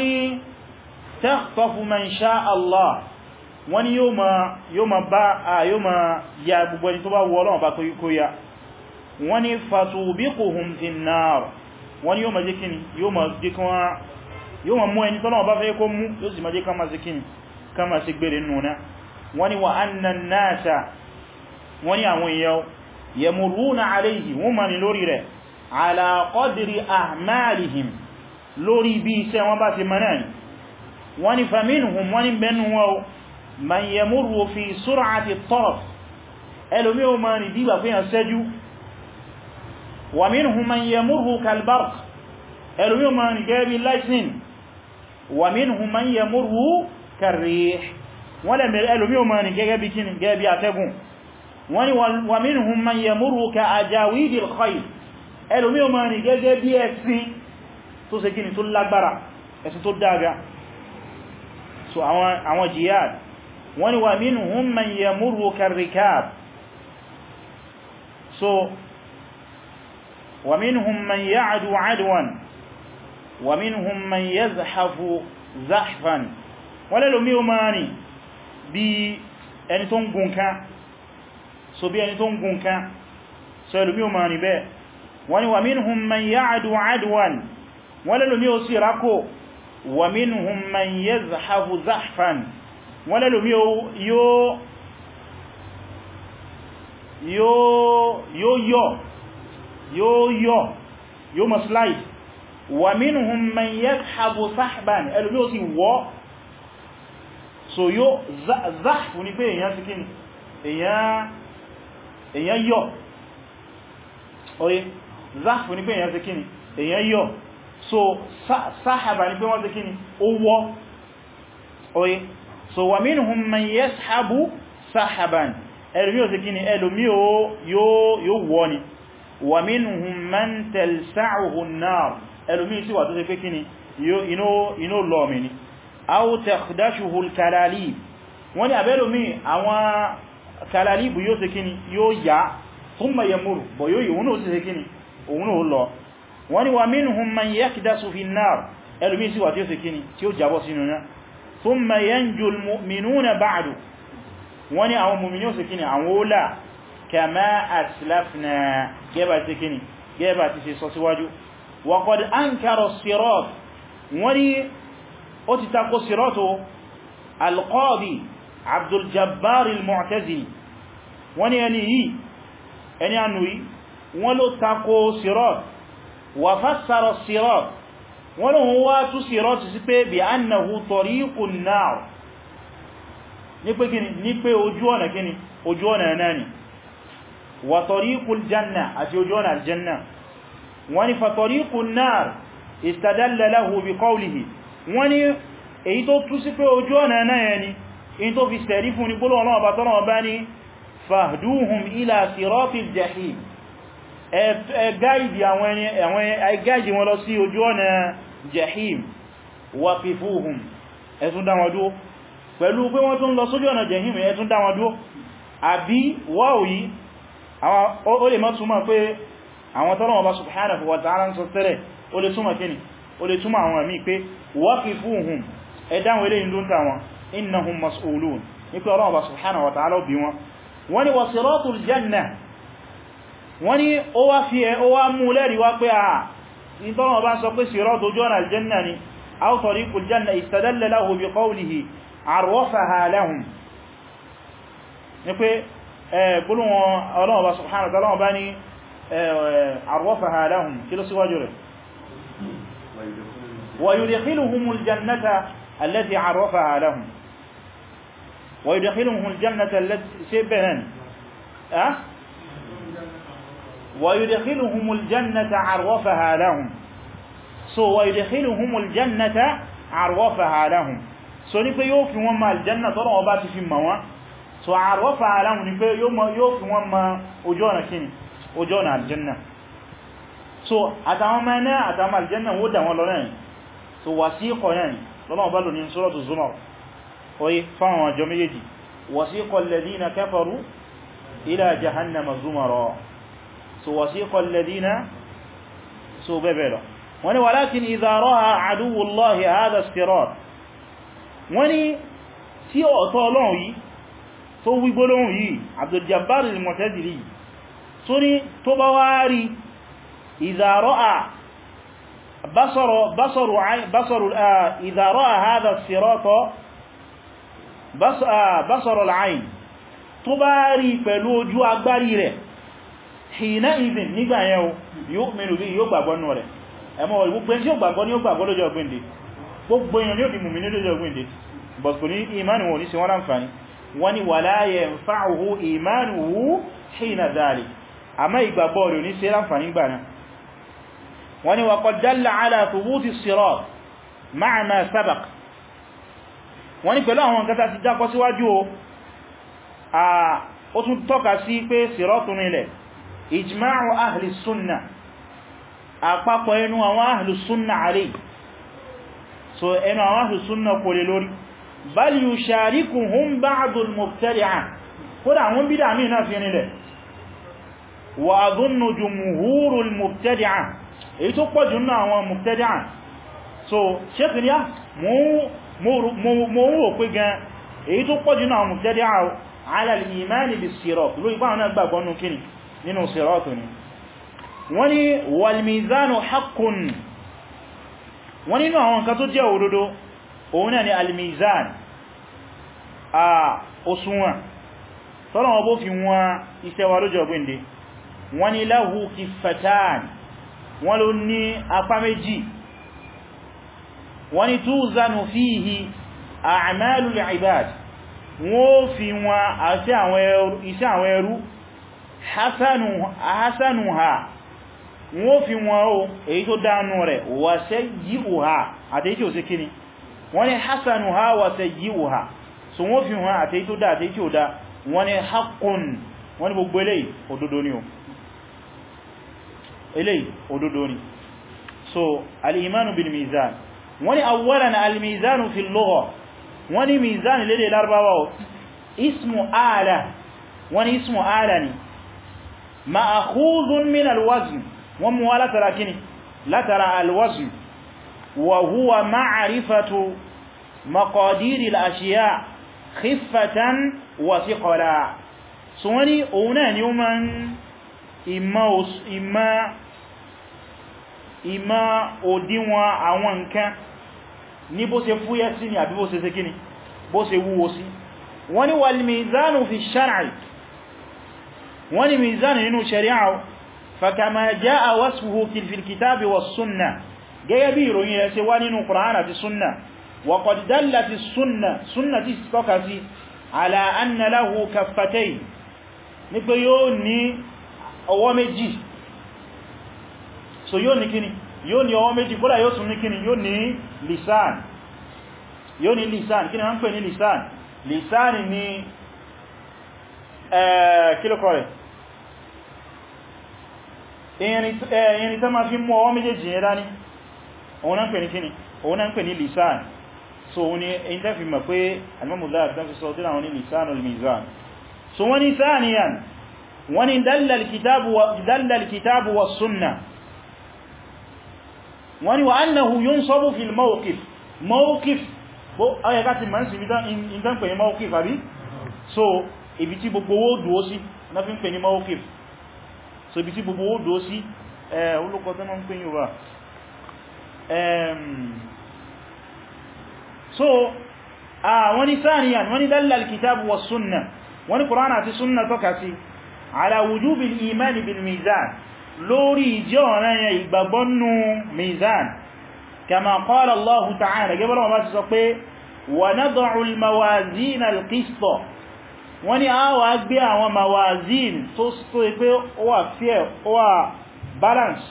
ni yóò wọ́n ni fasubiquhum fin nar wọ́n ni yóò ma jẹ́ kíni yóò ma mú ẹni tọ́lọ́wọ́ bá fẹ́ kó mú yóò sì ma jẹ́ kama sí kíni kama sí gbèrè nùna wọ́n ni wa annan nasa wọ́n ni àwọn èèyàn yamuruna alayhi wọ́n ma ni lórí rẹ̀ ala qadri lórí bí iṣẹ́ wọn bá ti maná ni wọ́n ni wa minhum man yamurru kalbarq ẹlùmí ma ń gẹ́ bí lightning wa minhum man yamurru karrih wọ́n lẹ́mẹ̀rẹ̀ ẹlùmí ma ń gẹ́gẹ́ bí kíni gẹ́ bí atẹ́gùn wọ́n ni wa minhum man yamurru ka ajawidil khayl ẹlùmí ma so ومنهم من يعدو عدوا ومنهم من يزحف زحفا wọ́n lẹ́lòmí o máa rìn bí ẹni tó ń gun ká so bí ẹni tó ń gun ká so ẹlòmí o máa rìn bẹ́ẹ̀ wọ́n ni ومنهم من يعدو عدوا wọ́n lẹ́lòmí o sí rákò ومنهم من يزحف زحفا wọ́n lẹ́lòmí yóò yọ yóò yọ yóò mọ̀ slide wà minhum man yadhhabu sahban ẹlùmí ó sì wọ́ so yóò záàfù ní pé èyàn sí kíni èyàn yọ oye záàfù ní pé èyàn sí kíni èyàn yọ so sáhàbà ní pé wọ́n sí kíni ó wọ́ oye so wà minhum man yadhhabu sahban ẹlùmí ó sì kíni ẹlùmí ó wa minhum man talsa'uhu an-nar ẹlòmí sí wà tó ṣe pé kí ni inú lọ́mì ni aw takhdashuhu al-kalalib wọ́n ni àbẹ́lòmí àwọn kalalibu yóò ṣe kí ni yóò yá thumma yamuru bọ̀ yóò yìí wọ́n ó sì ṣe kí ni òun ó lọ wọ́n ni wa minhum man yakdasu fi an-nar sí wà tí ó ṣe kí ni tí ó jábọ́ sínú náà thumma yanju al-mu'minuna ba'du wọ́n ni àwọn mùmínì ó ṣe kí ni àwọn ó láà كما أسلفنا كيف تكني كيف تسيص واجو وقد أنكر الصراط وني أتتقو صراطه القاضي عبد الجبار المعتزلي وني أني أني أنوي ولو تقو صراط وفسر الصراط ولو هو تصراط سيبه بأنه طريق النار نيبه كني نيبه أجوانا كني أجوانا ناني wa tariqul janna àti ojú ọ̀nà aljanna wani fa tariqun nar istadalla lahu bi qawlihi wani èyí tó tú sí pé ojú ọ̀nà náà yẹ ni in tó fi sẹ̀rí fún ní gbólọ̀ ọlọ́wọ́ bá tọ́lọ̀ bá ní fahduhum ila siratil jahim ẹ gáìdì àwọn ẹgáìdì wọn lọ sí ojú ọ̀nà jahim waqifuhum ẹ tún dá wọn dúró pẹ̀lú pé wọ́n tún lọ sójú ọ̀nà jahim ẹ tún dá wọn dúró àbí wáwí àwọn ó lè má túmọ̀ pé àwọn tọ́lọ̀ ọba subhanahu wa ta'ala ń sọ tẹ́lẹ̀ ó lè túmọ̀ kíni ó lè túmọ̀ àwọn àmì pé waqifuhum ẹ̀dáwọn ilé ìlú ta wọn innahum mas'ulun ní pé ọlọ́ọba subhanahu wa ta'ala bí wọn wọ́n ni wasiratul janna wọ́n قلوا الله سبحانه وتعالى باني عرفها لهم في لصوا جره ويدخلهم الجنة التي عرفها لهم ويدخلهم الجنة التي سبها أه؟ ويدخلهم الجنة عرفها لهم سو ويدخلهم الجنة عرفها لهم سو نفيو في وما الجنة طرعوا بات في موان so àrọ́fà aláhùn ni pé yóò fi wọ́n ma ojú ọ̀nà kíni ojú ọ̀nà aljanna so àtàwọn ọmọ ẹ̀nà àtàwọn aljanna wó dà wọn lọ náà so wasiqa náà lọ́nà ọba lò ní suratu zumar oye fáwọn àjọ méjèèjì wasiqa alladhina kafaru ila jahannama zumara so wasiqa alladhina so bẹ́bẹ̀ lọ wọ́n wọ́n ni tí ọ̀tọ́ ọlọ́run yìí tó wí gbólóhùn yìí Abdul Jabbar al-Mu'tazili tó ní tó bá wá rí idha ra'a basaru basaru basaru idha ra'a hadha as-sirata basaru al-ayn tó bá rí pẹ̀lú ojú agbárí rẹ̀ hìnà ìdìn nígbà yẹn yóò mẹ́rin bí yóò gbàgbọ́ nù rẹ̀ ẹmọ́ ìgbogbo ẹni tí ó gbàgbọ́ wọ́n ni wà láyẹ̀ ń fáhùhù ìmánuhù hìnà dáàlì àmá ìgbàgbọ́ rẹ̀ ní sí láǹfàní gbà náà wọ́n ni wà kọ dálà ala thubuti sirat ma'a ma sabaq wọ́n ni pẹ̀lú àwọn nǹkan ti dákọ síwájú o tún tọ́ka sí pé siratun ilẹ̀ ijma'u ahli sunna bal yushārikuhum ba'du al-mubtadi'a kódà àwọn bídà míì náà fi nílẹ̀ wa adhunnu jumhūru al-mubtadi'a èyí tó pọ̀ jù náà àwọn mubtadi'a so ṣékìníyà mo ń wò pé gan èyí tó pọ̀ jù náà àwọn mubtadi'a ala al-īmāni bis-sirāt ló ipá àwọn ẹgbàgbọ́ nù kíni nínú sirātu ni wọ́n ni wal-mīzānu haqqun òun náà ni almizan a òṣùwọ̀n tọ́lọ̀wọ́ bó fi wọn iṣẹ́ wa lójọ gbìndé wọ́n ni láhù kifatan wọ́n ló ní apá méjì wọ́n ni túzanu fíhì a'malu al-ibad wọ́n fi wọn àti iṣẹ́ àwọn ẹrú hasanu ha wọ́n fi wọn o èyí tó dánú rẹ̀ wà sẹ́yí ha àti èyí tí ó sì kíni wọ́n ní hasanu ha wa sayyi'u ha so wọ́n fi hàn àtẹ́ tó dá àtẹ́ tí ó dá wọ́n ní haqqun wọ́n ní gbogbo eléyìí òdodo ni o eléyìí òdodo ni so al-imanu bil mizan wọ́n ní awwalan al-mizanu fi lugha wọ́n ní mizan lédè Lárúbáwá o ismu ala wọ́n ní ismu ala ni ma'khudhun min وهو معرفة مقادير الأشياء خفة وثقلا سواني اونان يوما إما, إما, إما أدنوا عوانكا ní bó ṣe fúyẹ́ sí ni àbí bó ṣe ṣe kíni bó ṣe wúwo sí wọ́n ní wal mizanu fi shar'i wọ́n ní mizanu nínú shari'a fa kama jaa wasfuhu fil kitabi was sunnah gẹ́gẹ́ bí ìròyìn ẹ̀ ṣe wá nínú Kùránì àti súnnà wa qad dallati súnnà súnnà tí tọ́ka sí ala anna lahu kaffatayn ní pé yóò ní ọwọ́ méjì so yóò ní kíni yóò ní ọwọ́ méjì kódà yóò tún ní kíni yóò ní lisan òun náà pè ní kíni òun náà pè ní lisan so òun ni èyí tẹ́ fi mọ̀ pé alimọ́mùdá àti tẹ́fi sọ tíra wọn ní lisan olmizan so wọ́n ni sáàniyan wọ́n ni dallal kitabu wa sunna wọ́n ni wa annahu yunsabu fil mawqif mawqif bó ayẹ káti ma ń sì bí ìdán pè ní mawqif àbí so ibi tí gbogbo owó dúó sí na fi ń pè ní mawqif so ibi tí gbogbo owó dúó sí eh, olùkọ́ tẹ́mọ́ ń pè ní so àwọn ni sáàniyàn wọ́n ni dallal kitabu wa sunna wọ́n ni Qur'an àti sunna tọ́ka sí ala wujubil imani bil mizan lórí ìjẹ́ ọ̀rẹ́ yẹn ìgbàgbọ́nù mizan kama qala Allahu ta'ala gẹ́bọ́n wọn bá ti sọ pé wa nad'u al mawazin al qista wọ́n ni a wà mawazin tó sọ pé ó wà fair ó wà balance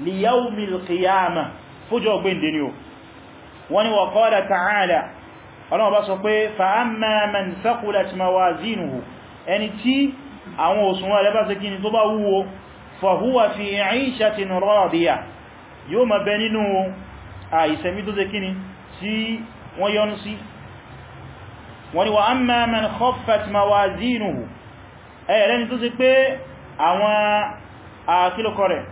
li yawmil qiyamah fújọ gbéǹdé ni o wọ́n ni wa qala ta'ala ọlọ́wọ́ bá sọ pé fa'amma man saqulat mawazinuhu ẹni tí àwọn òṣùwọ̀n rẹ̀ bá ṣe kíni tó bá wúwo fahuwa fi 'ishatin radiyah yóò ma bẹ nínú àìsẹ̀mí tó kíni tí wọ́n yọ́nú sí wọ́n ni wa amma man khaffat mawazinuhu ẹ̀rẹ́ni tó ṣe pé àwọn àkílùkọ rẹ̀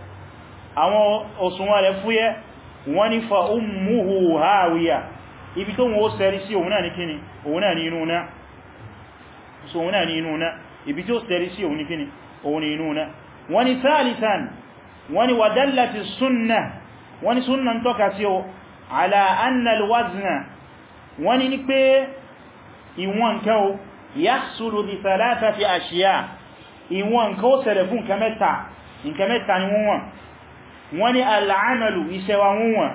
àwọn òṣùwọ̀n rẹ̀ fúyẹ́ wọ́n ní fa ummuhu hawiya ibi tó wọ́n sẹ́rí sí òun náà ní kíni òun náà ní inú náà so òun náà ní inú náà ibi tó sẹ́rí sí òun ní kíni òun ní inú náà wọ́n ní thalithan wọ́n ní wadallati sunna wọ́n ní sunna tọ́ka sí o ala anna alwazna wọ́n ní pé ìwọ̀n nǹkan o yahsulu bi thalathati ashiya ìwọ̀n nǹkan ó fún nǹkan ni wọ́n wọ́n wọ́n ni al'amalu iṣẹ́ wa wọ́n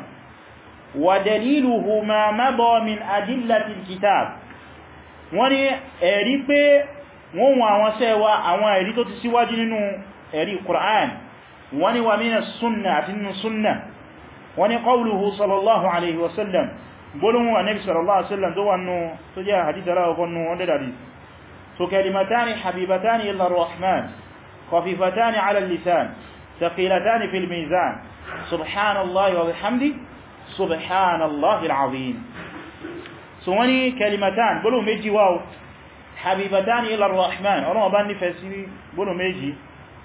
wà daliluhu ma mabọ́ min adillati kitab wọ́n ni ẹ̀rí pé wọ́n wọ́n àwọn iṣẹ́ wa àwọn ẹ̀rí tó ti síwájú nínú ẹ̀rí Qur'an wọ́n ni wà mínà sunna àti nínú sunna ثقيلتان في الميزان سبحان الله وبحمده سبحان الله العظيم سواني كلمتان بلو ميجي واو حبيبتان إلى الرحمن أولا أباني فاسيري بلو ميجي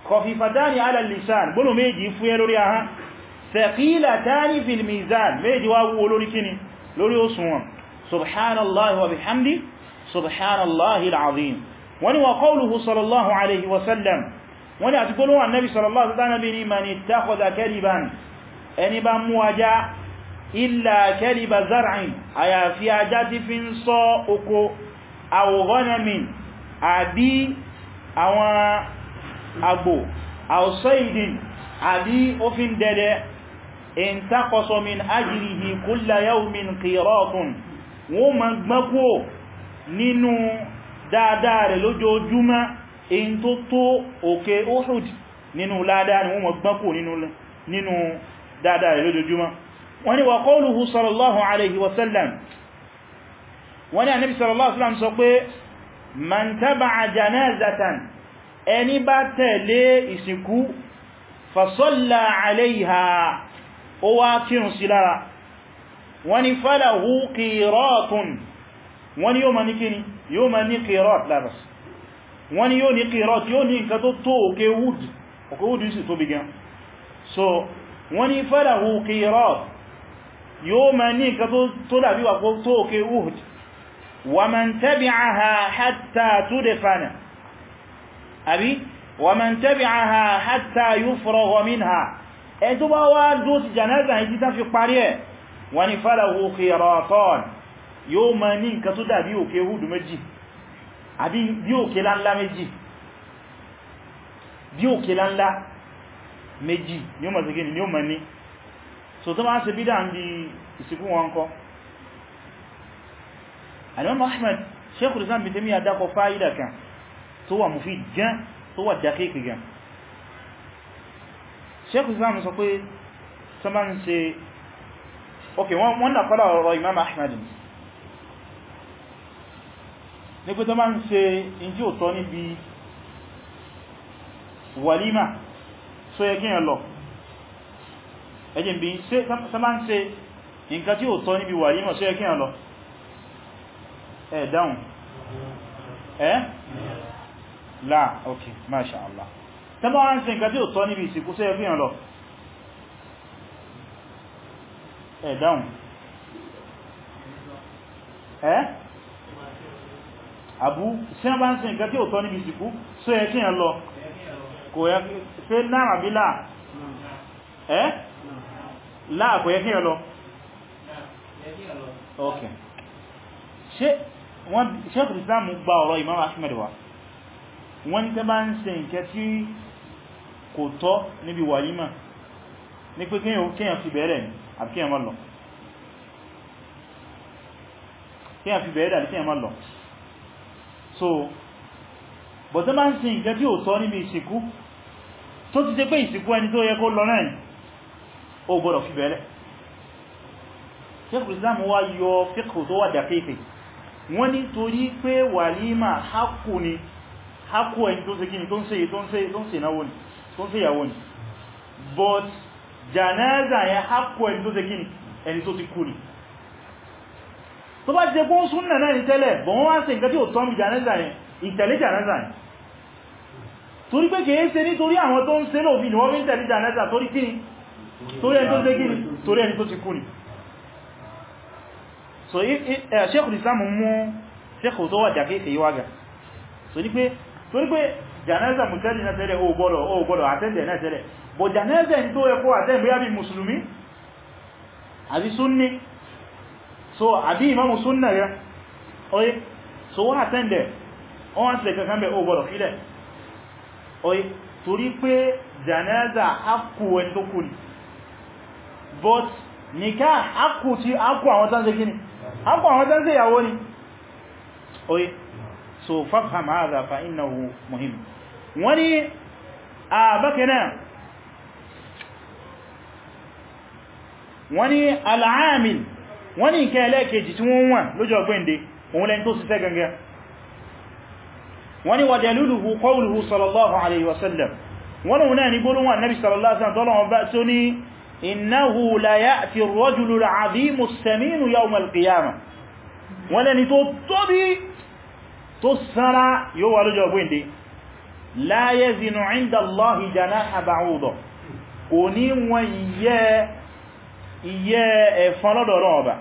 خفيفتان على اللسان بلو ميجي فويلو رياها ثقيلتان في الميزان ميجي واو ولولي كني لولي أسوان سبحان الله وبحمده سبحان الله العظيم وني وقوله صلى الله عليه وسلم wọ́n ni àti gbólóhùn annabi sallallahu alaihi wasallam ni man ittakhadha kaliban ẹni bá mú ajá illa kaliba zar'in àyàfi ajá tí fi ń ṣọ́ oko aw ghanamin àbí àwọn àgbò aw saydin àbí ó fi ń dẹdẹ min ajrihi kulla yawmin qiratun wọ́n ma gbákò nínú dáadáa rẹ̀ lójoojúmọ́ èyí tó tó òkè Uhud nínú ládá ni wọ́n mọ̀ gbákò nínú dáadáa rẹ̀ lójoojúmọ́ wọ́n ni wa qawluhu sallallahu alaihi wasallam wọ́n ni Ànábì sallallahu alaihi wasallam sọ pé man taba'a janazatan ẹni bá tẹ̀lé ìsìnkú fasalla alaiha ó wá kírun sí lára wọ́n ni falahu qiratun wọ́n ni yóò ma ní kíni yóò wọ́n ni yóò ní kìrọt yóò ní nǹkan tó tó òkè wood òkè wood sì tó bìgan so wọ́n ni fẹ́lẹ̀hù kìrọt yóò ma ní nǹkan tó dàbí wà tó òkè wood wà man tabi'aha hatta tudfana àbí wà man tabi'aha hatta yufragha minha ẹni tó bá wá dó ti janaza ìdí tán fi parí ẹ̀ wọ́n ni fẹ́lẹ̀hù kìrọtọ́n yóò ma ní nǹkan dàbí òkè wood méjì àbí bí òkè láńlá méjì bí òkè láńlá méjì ni ó mọ̀ sí gini ni ó mọ̀ ní so tó máa ṣe bídá ń di ìsìnkú wọn kọ́ alimam ahmed sheikhul islam mitemi temiya dákọ fáyídà kan tó wà mufid gan tó wà daqiq gan sheikhul islam sọ pé tó máa ń ṣe ok wọ́n nà ọ̀rọ̀ imam ahmed ni ní pé tó máa ń ṣe ìjí òtọ́ níbi wàlímà só yẹ kíyàn lọ ẹjìn bí tó máa ń ṣe nǹkan tí òtọ́ níbi wàlímà só yẹ kíyàn lọ ẹ̀ dáhùn ẹ́ láà ok masha Allah tó máa ń ṣe nǹkan tí òtọ́ níbi ìsìnkú só yẹ kíyàn lọ ẹ̀ dáhùn ẹ́ àbú sí ẹ bá ń sin nǹkan tí ò tọ́ níbi ìsìnkú só yẹ kí ẹ lọ kò yẹ pé náà bí láà ẹ́ láà kò yẹ kí ẹ lọ ok ṣe wọ́n ṣẹ́kù ìsìlámù gba ọ̀rọ̀ Imam Ahmed wa wọ́n tẹ́ bá ń ṣe nǹkan tí kò tọ́ níbi wàlímà ní pé kíyàn fi bẹ̀rẹ̀ àbí kíyàn má lọ so but tó máa ń sin nǹkan tí ò sọ níbi ìsìnkú tó ti ṣe pé ìsìnkú ẹni tó yẹ kó lọ náà ó gbọ́dọ̀ fi bẹ̀ẹ́lẹ̀ Sheikhul Islam wá yọ fíkù tó wà dàkíkì wọ́n ní torí pé wàlímà hákù ni hákù ẹni tó ṣe gini tó ń ṣe ìyàwó ni but janaza yẹn hákù ẹni tó ṣe gini ẹni tó ti kú ni tó bá jẹ́ gbọ́n súnnà náà ní tẹ́lẹ̀ bọ̀ wọ́n wá sí nǹkan tí ó tọ́ mi jànáza yẹn ìtẹ̀lé jànáza yẹn torí pé kìí ṣe nítorí àwọn tó ń ṣe lòbí ni wọ́n fi ń tẹ̀lé jànáza torí kí ni torí ẹni tó ṣe kí ni torí ẹni tó ti kú ni so ṣekùn islam mú ṣekùn tó so àbí imamu súnnà rẹ̀ oye so wọ́n àtẹ́ndẹ̀ wọ́n wá sílẹ̀ kankan bẹ̀ ó gbọ́dọ̀ fílẹ̀ oye torí pé janaza akù ẹni tó kù ní but nikah akù tí akù àwọn tán ṣe kíni akù àwọn tán ṣe ìyàwó ni oye so fafham hadha fa innahu muhim wani a bakina wani al'amil wọ́n ní ìkẹ́ ẹlẹ́ẹ̀kejì tí wọ́n wọ́n lójú ọgbẹ́ndé òun lẹ́ni tó ṣiṣẹ́ gangan wọ́n ní wàdẹ̀lúlùhù qawluhu sallallahu alaihi wasallam wọ́n òun náà ní gbólúwà nabi sallallahu alaihi wasallam bá tó ní innahu la ya'ti wọ́n lẹ́ni wọ́n yẹ́ ìyẹ́ ẹ̀fọn lọ́dọ̀ ọ̀rọ̀ ọba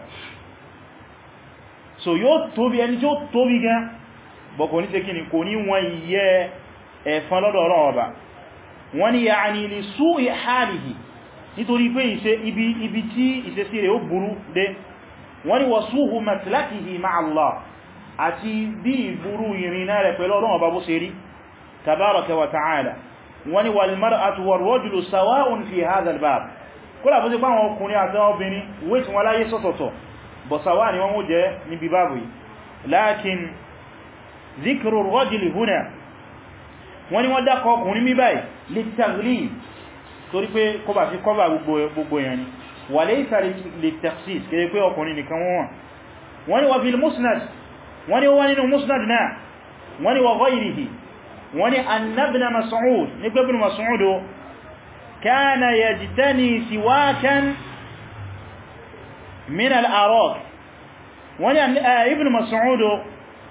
so yóò tóbi ẹni tí ó tóbi gan bọ̀kọ̀ ní tẹ́kí ni kò ní wọn ìyẹ́ ẹ̀fọn lọ́dọ̀ ọ̀rọ̀ ọba wọ́n ni ya'ni li su'i halihi nítorí pé ibi tí ìṣesí rẹ̀ ó burú dé wọ́n ni wasu'u matlakihi wa sawa'un fi hadha al-bab kódà bó ti pàwọn ọkùnrin àti obìnrin wé tí wọ́n láyé sọ́tọ̀tọ̀ bọ̀sàwà ni wọ́n mú jẹ́ níbi báàbù yìí láàkín zikru rọ́jìlì húnà wọ́n ni wọ́n dákọ̀ ọkùnrin mí báyìí lè tàgílì torí pé kọba fi kọba gbogbo èèyàn ni wà lè ìsàrí lè tàxis kéré pé ọkùnrin nìkan wọ́n wọ́n ni كان يجتني سواكا من الأراض ونعم ابن مسعود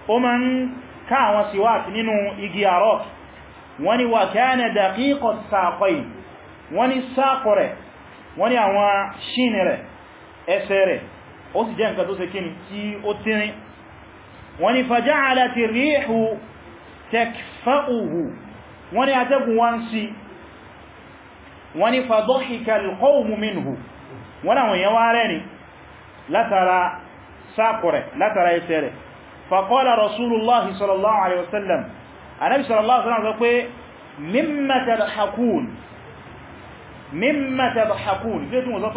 ومن كان سواك ننو إجي أراض وني وكان دقيق الساقين وني الساقر وني أما شينر أسر أسجن كتوسكين تي أتني وني فجعلت الريح تكفأه وني أتبوانسي wọ́n ní fadhahika alqawmu minhu wọ́n àwọn èèyàn wá rẹ̀ ni látara sákọrẹ̀ látara ẹsẹ̀ rẹ̀ faqala rasulullahi sallallahu alaihi wasallam anabi sallallahu alaihi wasallam sọ pé mimma tadhakun mimma tadhakun zai tún sọ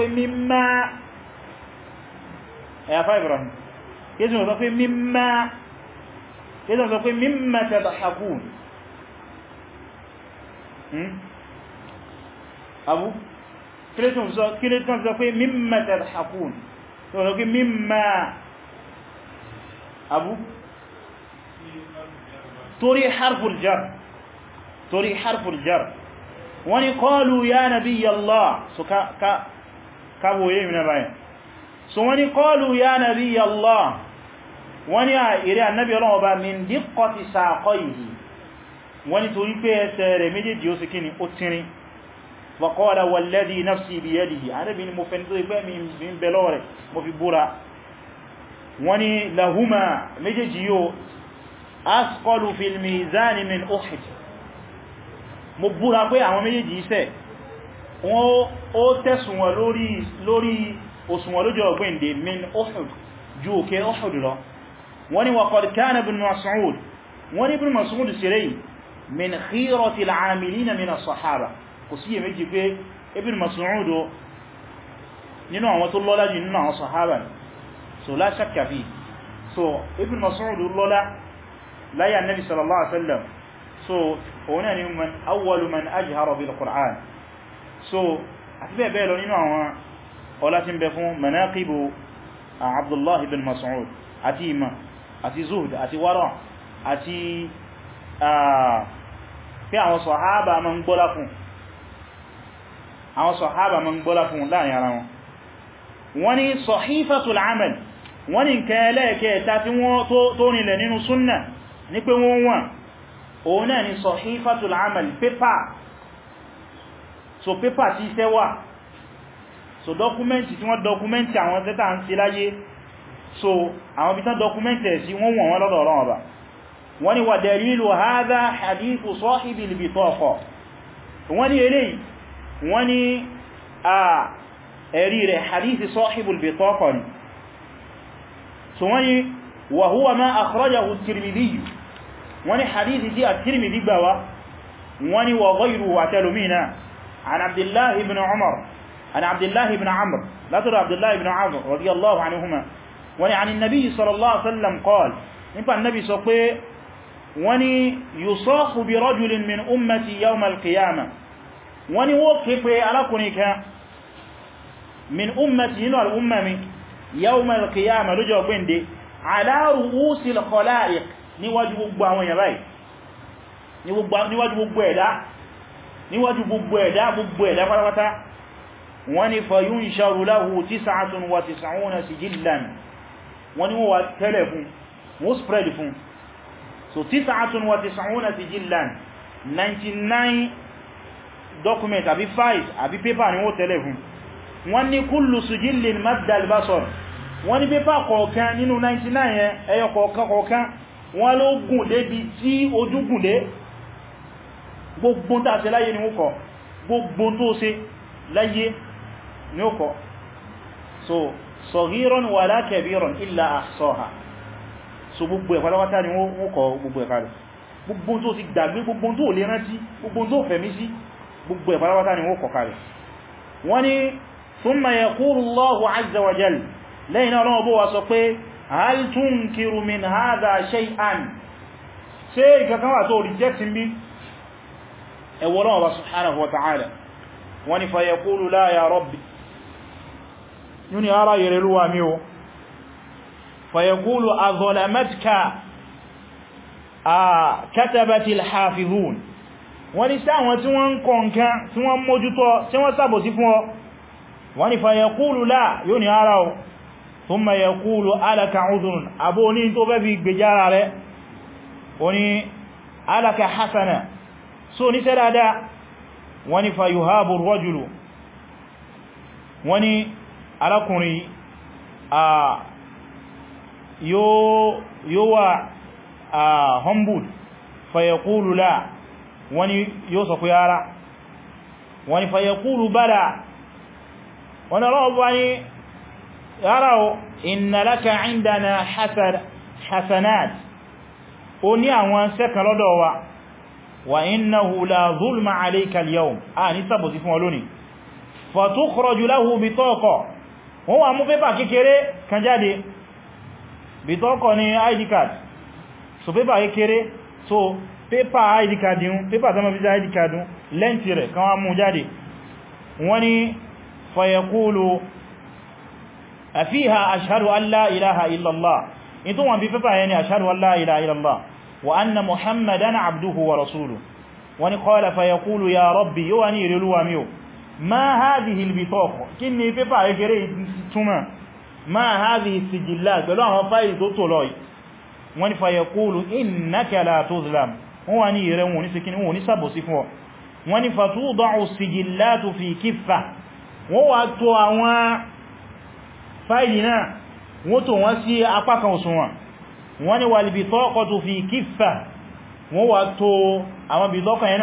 abu kílẹ̀tún sọ pé mímà tàbí sọ̀rọ̀ pé mímà abu torí harful jar torí harful jar wani qalu ya nabiyallah so ka ka boye mina bayan so wani qalu ya nabiyallah wani a ire annabi Ọlọ́run ba min diqqati saqihi wani torí pé ẹsẹ̀ rẹ̀ méjèèjì ó sì kíni ó tínrín faqala walladhi nafsi biyadihi ànábì ni mo fẹ́ nítorí pé mi ń bẹ lọ́wọ́ rẹ̀ mo fi búra wọ́n ni lahuma méjèèjì yóò asqalu fil mizan min uhud mo búra pé àwọn méjèèjì iṣẹ́ wọ́n ó tẹ̀sùn wọn lórí lórí òṣùwọ̀n lójú ọgbẹ́ndè min uhud ju òkè uhud lọ wọ́n ni wọ́n ni min khiratil amilina min sahaba kò síyè méjì pé Ibn Mas'ud nínú àwọn tó lọ́lá jù nínú àwọn sahaba so la shakka fi so Ibn Mas'ud lọ́lá láyé annabi sallallahu alaihi so òun náà ni man awwalu man ajhara bil Qur'an so àti bẹ́ẹ̀ bẹ́ẹ̀ lọ nínú àwọn ọlá tí ń bẹ fún manaqibu Abdullahi ibn Mas'ud àti ìmọ̀ àti zuhd àti wara àti ah, pé àwọn sahaba ma gbọ́lá fún àwọn sọ̀hábà ma ń gbọ́lá fún láàrin ara wọn wọ́n ni sahifatul amal wọ́n ni nǹkan ẹlẹ́ẹ̀kẹta tí wọ́n tó rinlẹ̀ nínú súnnà ní pé wọ́n wọ́n òun so pépà tí so dọ́kúmẹ́ntì tí wọ́n dọ́kúmẹ́ntì àwọn tẹ́ta ń so àwọn bí tán dọ́kúmẹ́ntì ẹ̀ sí wọ́n wọ̀n wọ́n lọ́dọ̀ ọ̀rọ̀ ọba wọ́n ni wà dalilu hadha hadithu sahibil bitaqa wọ́n ni eléyìí wọ́n ní a ẹ̀rí rẹ̀ hadithi sahibul bitaqa ni so wọ́n ní wa huwa ma akhrajahu at-Tirmidhi wọ́n ní hadithi tí at-Tirmidhi gbà wá wọ́n ní wa ghayruhu wa talumina an Abdullah ibn Umar an Abdullah ibn Amr látọ̀rọ̀ Abdullah ibn Amr radiyallahu anhuma wọ́n ní an an-nabi sallallahu alaihi wasallam nípa annabi sọ pé wọ́n ní yusahu wọ́n ni wọ́n ké pé alákùnrin kan min ummati inú al'umma mi yawmal qiyamah lọ́jọ́ gbẹ́ndé ala ru'usil khalaiq níwájú gbogbo àwọn èèyàn báyìí níwájú gbogbo ẹ̀dá níwájú gbogbo ẹ̀dá gbogbo 99 document àbí file àbí paper ni wọ́n tẹ́lẹ̀ fún wọ́n ní kullu sujillin madda al-basar wọ́n ní paper kọ̀ọ̀kan nínú 99 yẹn ẹyọ kọ̀ọ̀kan kọ̀ọ̀kan wọ́n ló gùn débi tí ojú gùn dé gbogbo tó àṣẹ láyé ni ó kọ̀ gbogbo tó ṣe láyé ni ó kọ̀ so saghiran wala kabiran gbogbo tó ti gbàgbé gbogbo tó lè rántí gbogbo tó fẹ̀mí sí gbogbo ìpàlápátá ni wọ́n kọ̀ kalẹ̀ wọ́n ni thumma yaqulu Allahu azza wa jal lẹ́yìn náà lọ́wọ́ bó wa sọ pé hal tunkiru min hadha shay'an ṣe ìkankan wà tó rejectin bí ẹwọ́ lọ́wọ́ bá subhanahu wa ta'ala wọ́n a ah, katabatil hafizun wọ́n ní sáwọn tí wọ́n ń kọ nǹkan tí wọ́n mójútó tí wọ́n sàbòsí fún ọ wọ́n ní fayakúlù láà yóò ní ara alaka abó ní tó fi o alaka hasana so ní sẹ́ dáadáa wọ́n a wọ́n ni yóò sọ pé ara wọ́n ni fayekúrù bádà wọ́n ni ọlọ́wọ́ bá ní ara o inna laka indana hasanat ó ní àwọn sẹ́kàn lọ́dọ̀ wa wa innahu la zulma alayka al a ní sàbòsí fún olóni fatukhraju lahu bitaqa wọ́n wà mú pépà kékeré kan jáde bitaqa ni id card so pépà kékeré so pépà id card yún pépà tó mọ́ fi id card yún lẹ́ǹtì rẹ̀ kan wá mú jáde wọ́n ni fayakulu àfíhà ashhadu an la ilaha illallah in tó wọ́n bí pépà yẹn ni ashhadu illallah wọ́n ni qala fayakulu ya rabbi yóò wọ́n wá ní ìrẹ́ wọn ní sí kíní wọn ní sàbòsí fún ọ wọ́n ní fatúdọ̀ù sijillatu fi kífà wọ́n wá tó àwọn fáìlì náà wọ́n tó wọ́n sí apá kan òṣùwọ̀n wọ́n ní wal bitaqatu fi kífà wọ́n wá tó àwọn bìtọ́kọ̀ yẹn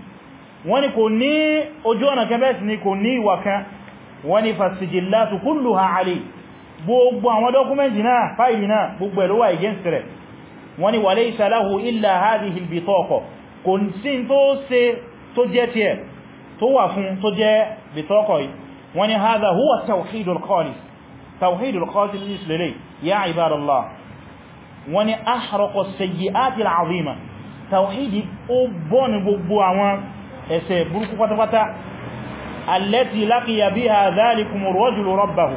wọ́n ní kò ní ojú ọ̀nà kẹbẹ́sì ni kò ní ìwà kan wọ́n ní fasijillatu kulluha alayhi gbogbo àwọn dọ́kúmẹ́ntì náà fáìlì náà gbogbo ẹ̀ ló wà against rẹ̀ wọ́n ní wa laysa lahu illa hadhihi al-bitaqa kò sí tó ṣe tó jẹ́ tiẹ̀ tó wà ni gbogbo àwọn ẹ̀ṣẹ̀ burúkú pátápátá allati laqiya biha dhalikum ar-rajulu rabbahu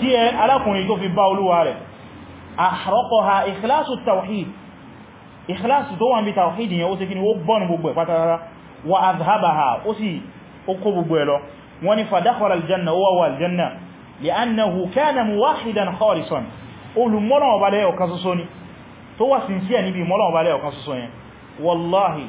tí ẹ alákùnrin tó fi bá olúwa rẹ̀ ahraqaha ikhlasu tawhid ikhlasu tó wà ń bí tawhid yẹn ó sì kí ni ó bọ́n gbogbo ẹ̀ pátápátá wà wallahi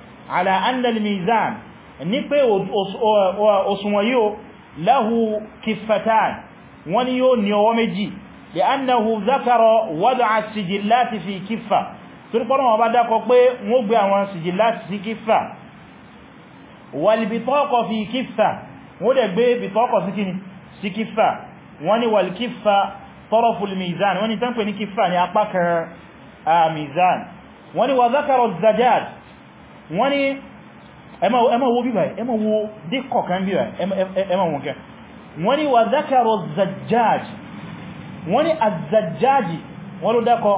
ala anna al-mizan ní pé òṣùwọ̀n yóò lahu kifatan wọ́n ni yóò ní ọwọ́ méjì lè annahu zakaro wádọ̀ a sijillati fi kifa turkọ́nà wọ́n bá dákọ pé wọ́n gbé àwọn sijillati sí kifa walbitọ́kọ̀ fi kifa wọ́n dẹ̀ gbé bitọ́kọ̀ sí kifa wọ́n ni walkifa tọ́rọful mizan wọ́n ni tán pè kifa ni apá kan mizan wọ́n wa zakaro zajad wọ́n ni ẹmọ wo bíbà ẹmọ wo díkọ̀ kan bíbà ẹmọ wọn kẹ wọ́n ni wà zákàrọ̀ zajjáàjì wọ́n ni azajjáàjì wọ́n ló dákọ̀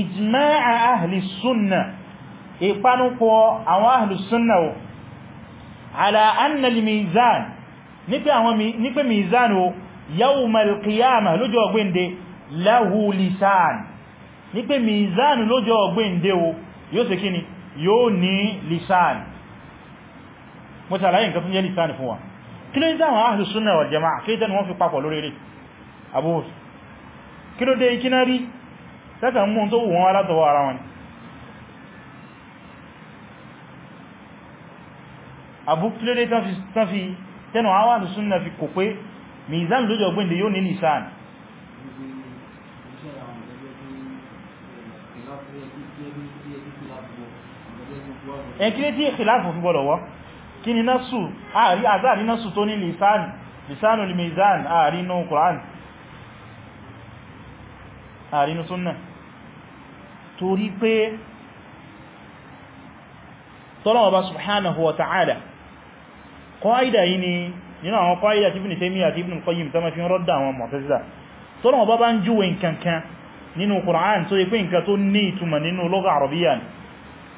ijma'a ahli sunna ìpanupọ̀ àwọn ahli sunna o ala anna al-mizan nípe àwọn nípe mizan o yawmal qiyamah lójú ọgbẹ́ndé lahu lisan nípe mizan lójú ọgbẹ́ndé o yóò ṣe kíni yóò ní lisan mo ti àlàyé nǹkan tó jẹ́ lisan fún wa kí ló ń dáwọn ahlu sunna wal jama'a kí tẹ́nu wọ́n fi papọ̀ lórí rẹ̀ abúhùs kí ló dé ikí náà rí sẹ́kà mú tó wù wọn alátọwọ́ ara wọn abú kí ló dé tán fi tẹ́nu ahlu sunna fi kò pé mizan lójọ lisan ẹ̀kílé tí ìkìláàfù fi gbọ́dọ̀ wọ́ kí ni násù àzáàrí násù tó ní lìsánì lìsánù lìmìzán àrínú kùránì àrínú súnnà torí pé tọ́lọ̀wọ̀ bá subhanahu wa ta'ala kọ́ìdà yìí ni nínú àwọn kọ́ìdà tí Ibn Taymiyyah àti Ibn Qayyim tó fi ń rọ́dà àwọn Mu'tazila tọ́lọ̀wọ̀ bá ń júwe nkankan nínú kùránì tó yẹ pé nkan tó ní ìtumọ̀ nínú lọ́gà àrọ̀bíyà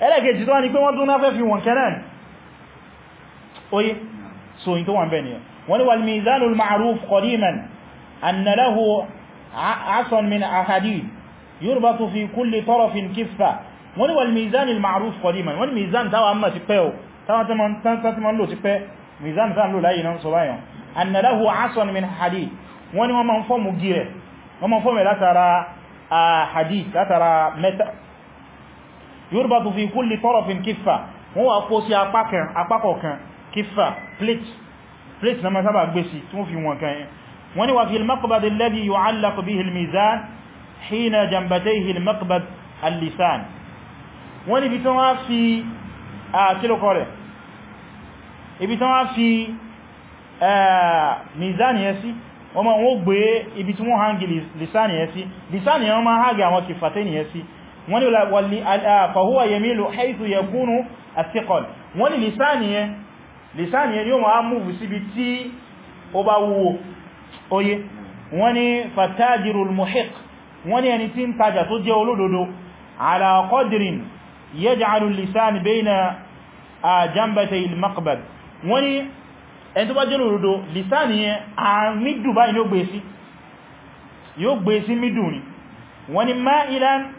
ẹlẹ́kẹ̀ẹ́jì tó wá ní pé wọ́n tún náfẹ́ fi wọn kẹrẹ́n oye so in tó wà bẹ́ẹ̀ ni wọ́n ni wal mizanul ma'ruf qadiman anna lahu asan min ahadid yurbatu fi kulli tarafin kiffa wọ́n ni wal mizanul ma'ruf qadiman wọ́n ni mizan táwa amma ti pẹ́ o táwa tí ma ń lò ti pẹ́ mizan tá ń lò láyé náà sọ báyàn anna lahu asan yorùbá tó fi kulli tarafin kífà wọ́n wà kó sí apákọ̀ọ̀kan kífà plate plate na masába gbé sí tí wọ́n fi wọn kan wọ́n ni wà fi al-maqbad alladhi yu'allaqu bihi al-mizan hina janbatayhi al-maqbad al-lisan wọ́n ibi tán wá fi àkílùkọ́ rẹ̀ ibi tán wá fi mizan yẹ sí wọ́n ma wọ́n wọ́n ni wàlí fàhúwà yẹmílù haithu yẹ kúnú àtíkọl wọ́n ni lìsáàníyẹ ni ó ma múbù síbi tí ó bá wúwo oye wọ́n ni fàtàjìrù muhiq wọ́n ni ẹni tí ń tajà tó jẹ́ olódodo ala qadrin yaj'alu lisan bayna jambatay al-maqbad wọ́n ni ẹni tó bá jẹ́ olódodo lìsáàníyẹ àmìdù báyìí e yóò gbé e sí wọ́n ni ma'ilan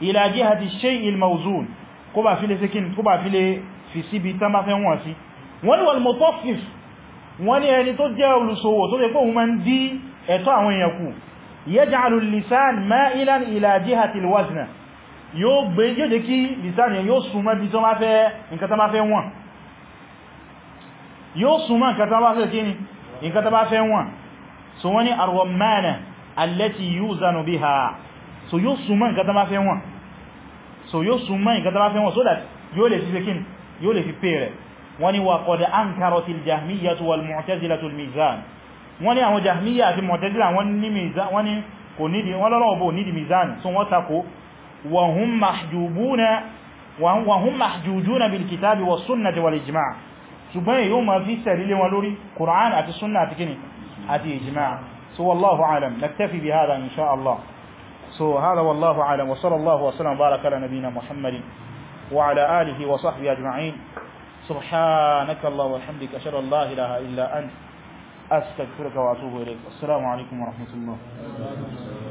ila jihati ash-shay' al-mawzun kó bá fi lè sekin kó bá fi lè fi síbi tán bá fẹ́ wọ́n sí wọ́n ni wal-mutaffif wọ́n ni ẹni tó jẹ́ olùṣòwò tó lè pọ̀ wọ́n máa ń dí ẹ̀tọ́ àwọn èèyàn kù yaj'alu al-lisan ma'ilan ila jihati al-wazna yóò gbé yóò jẹ́ kí lisan yẹn yóò súnmọ́ bí tán bá so yóò súnmọ́ nǹkan tán bá fẹ́ wọ́n so yóò sún mọ́ nǹkan fẹ́ wọn so that yóò lè fi pekin yóò lè fi pè rẹ̀ wọ́n ní wa qad ankaratil jahmiyyatu wal mu'tazilatu al mizan wọ́n ní àwọn jahmiyya àti mu'tazila wọ́n ní mizan wọ́n ní kò wọ́n lọ́lọ́wọ́ bò nídìí wọ́n tako wa so هذا والله أعلم وصلى الله وسلم وبارك على نبينا محمد وعلى آله وصحبه أجمعين سبحانك الله وبحمدك أشهد أن لا إله إلا أنت أستغفرك وأتوب إليك السلام عليكم ورحمة الله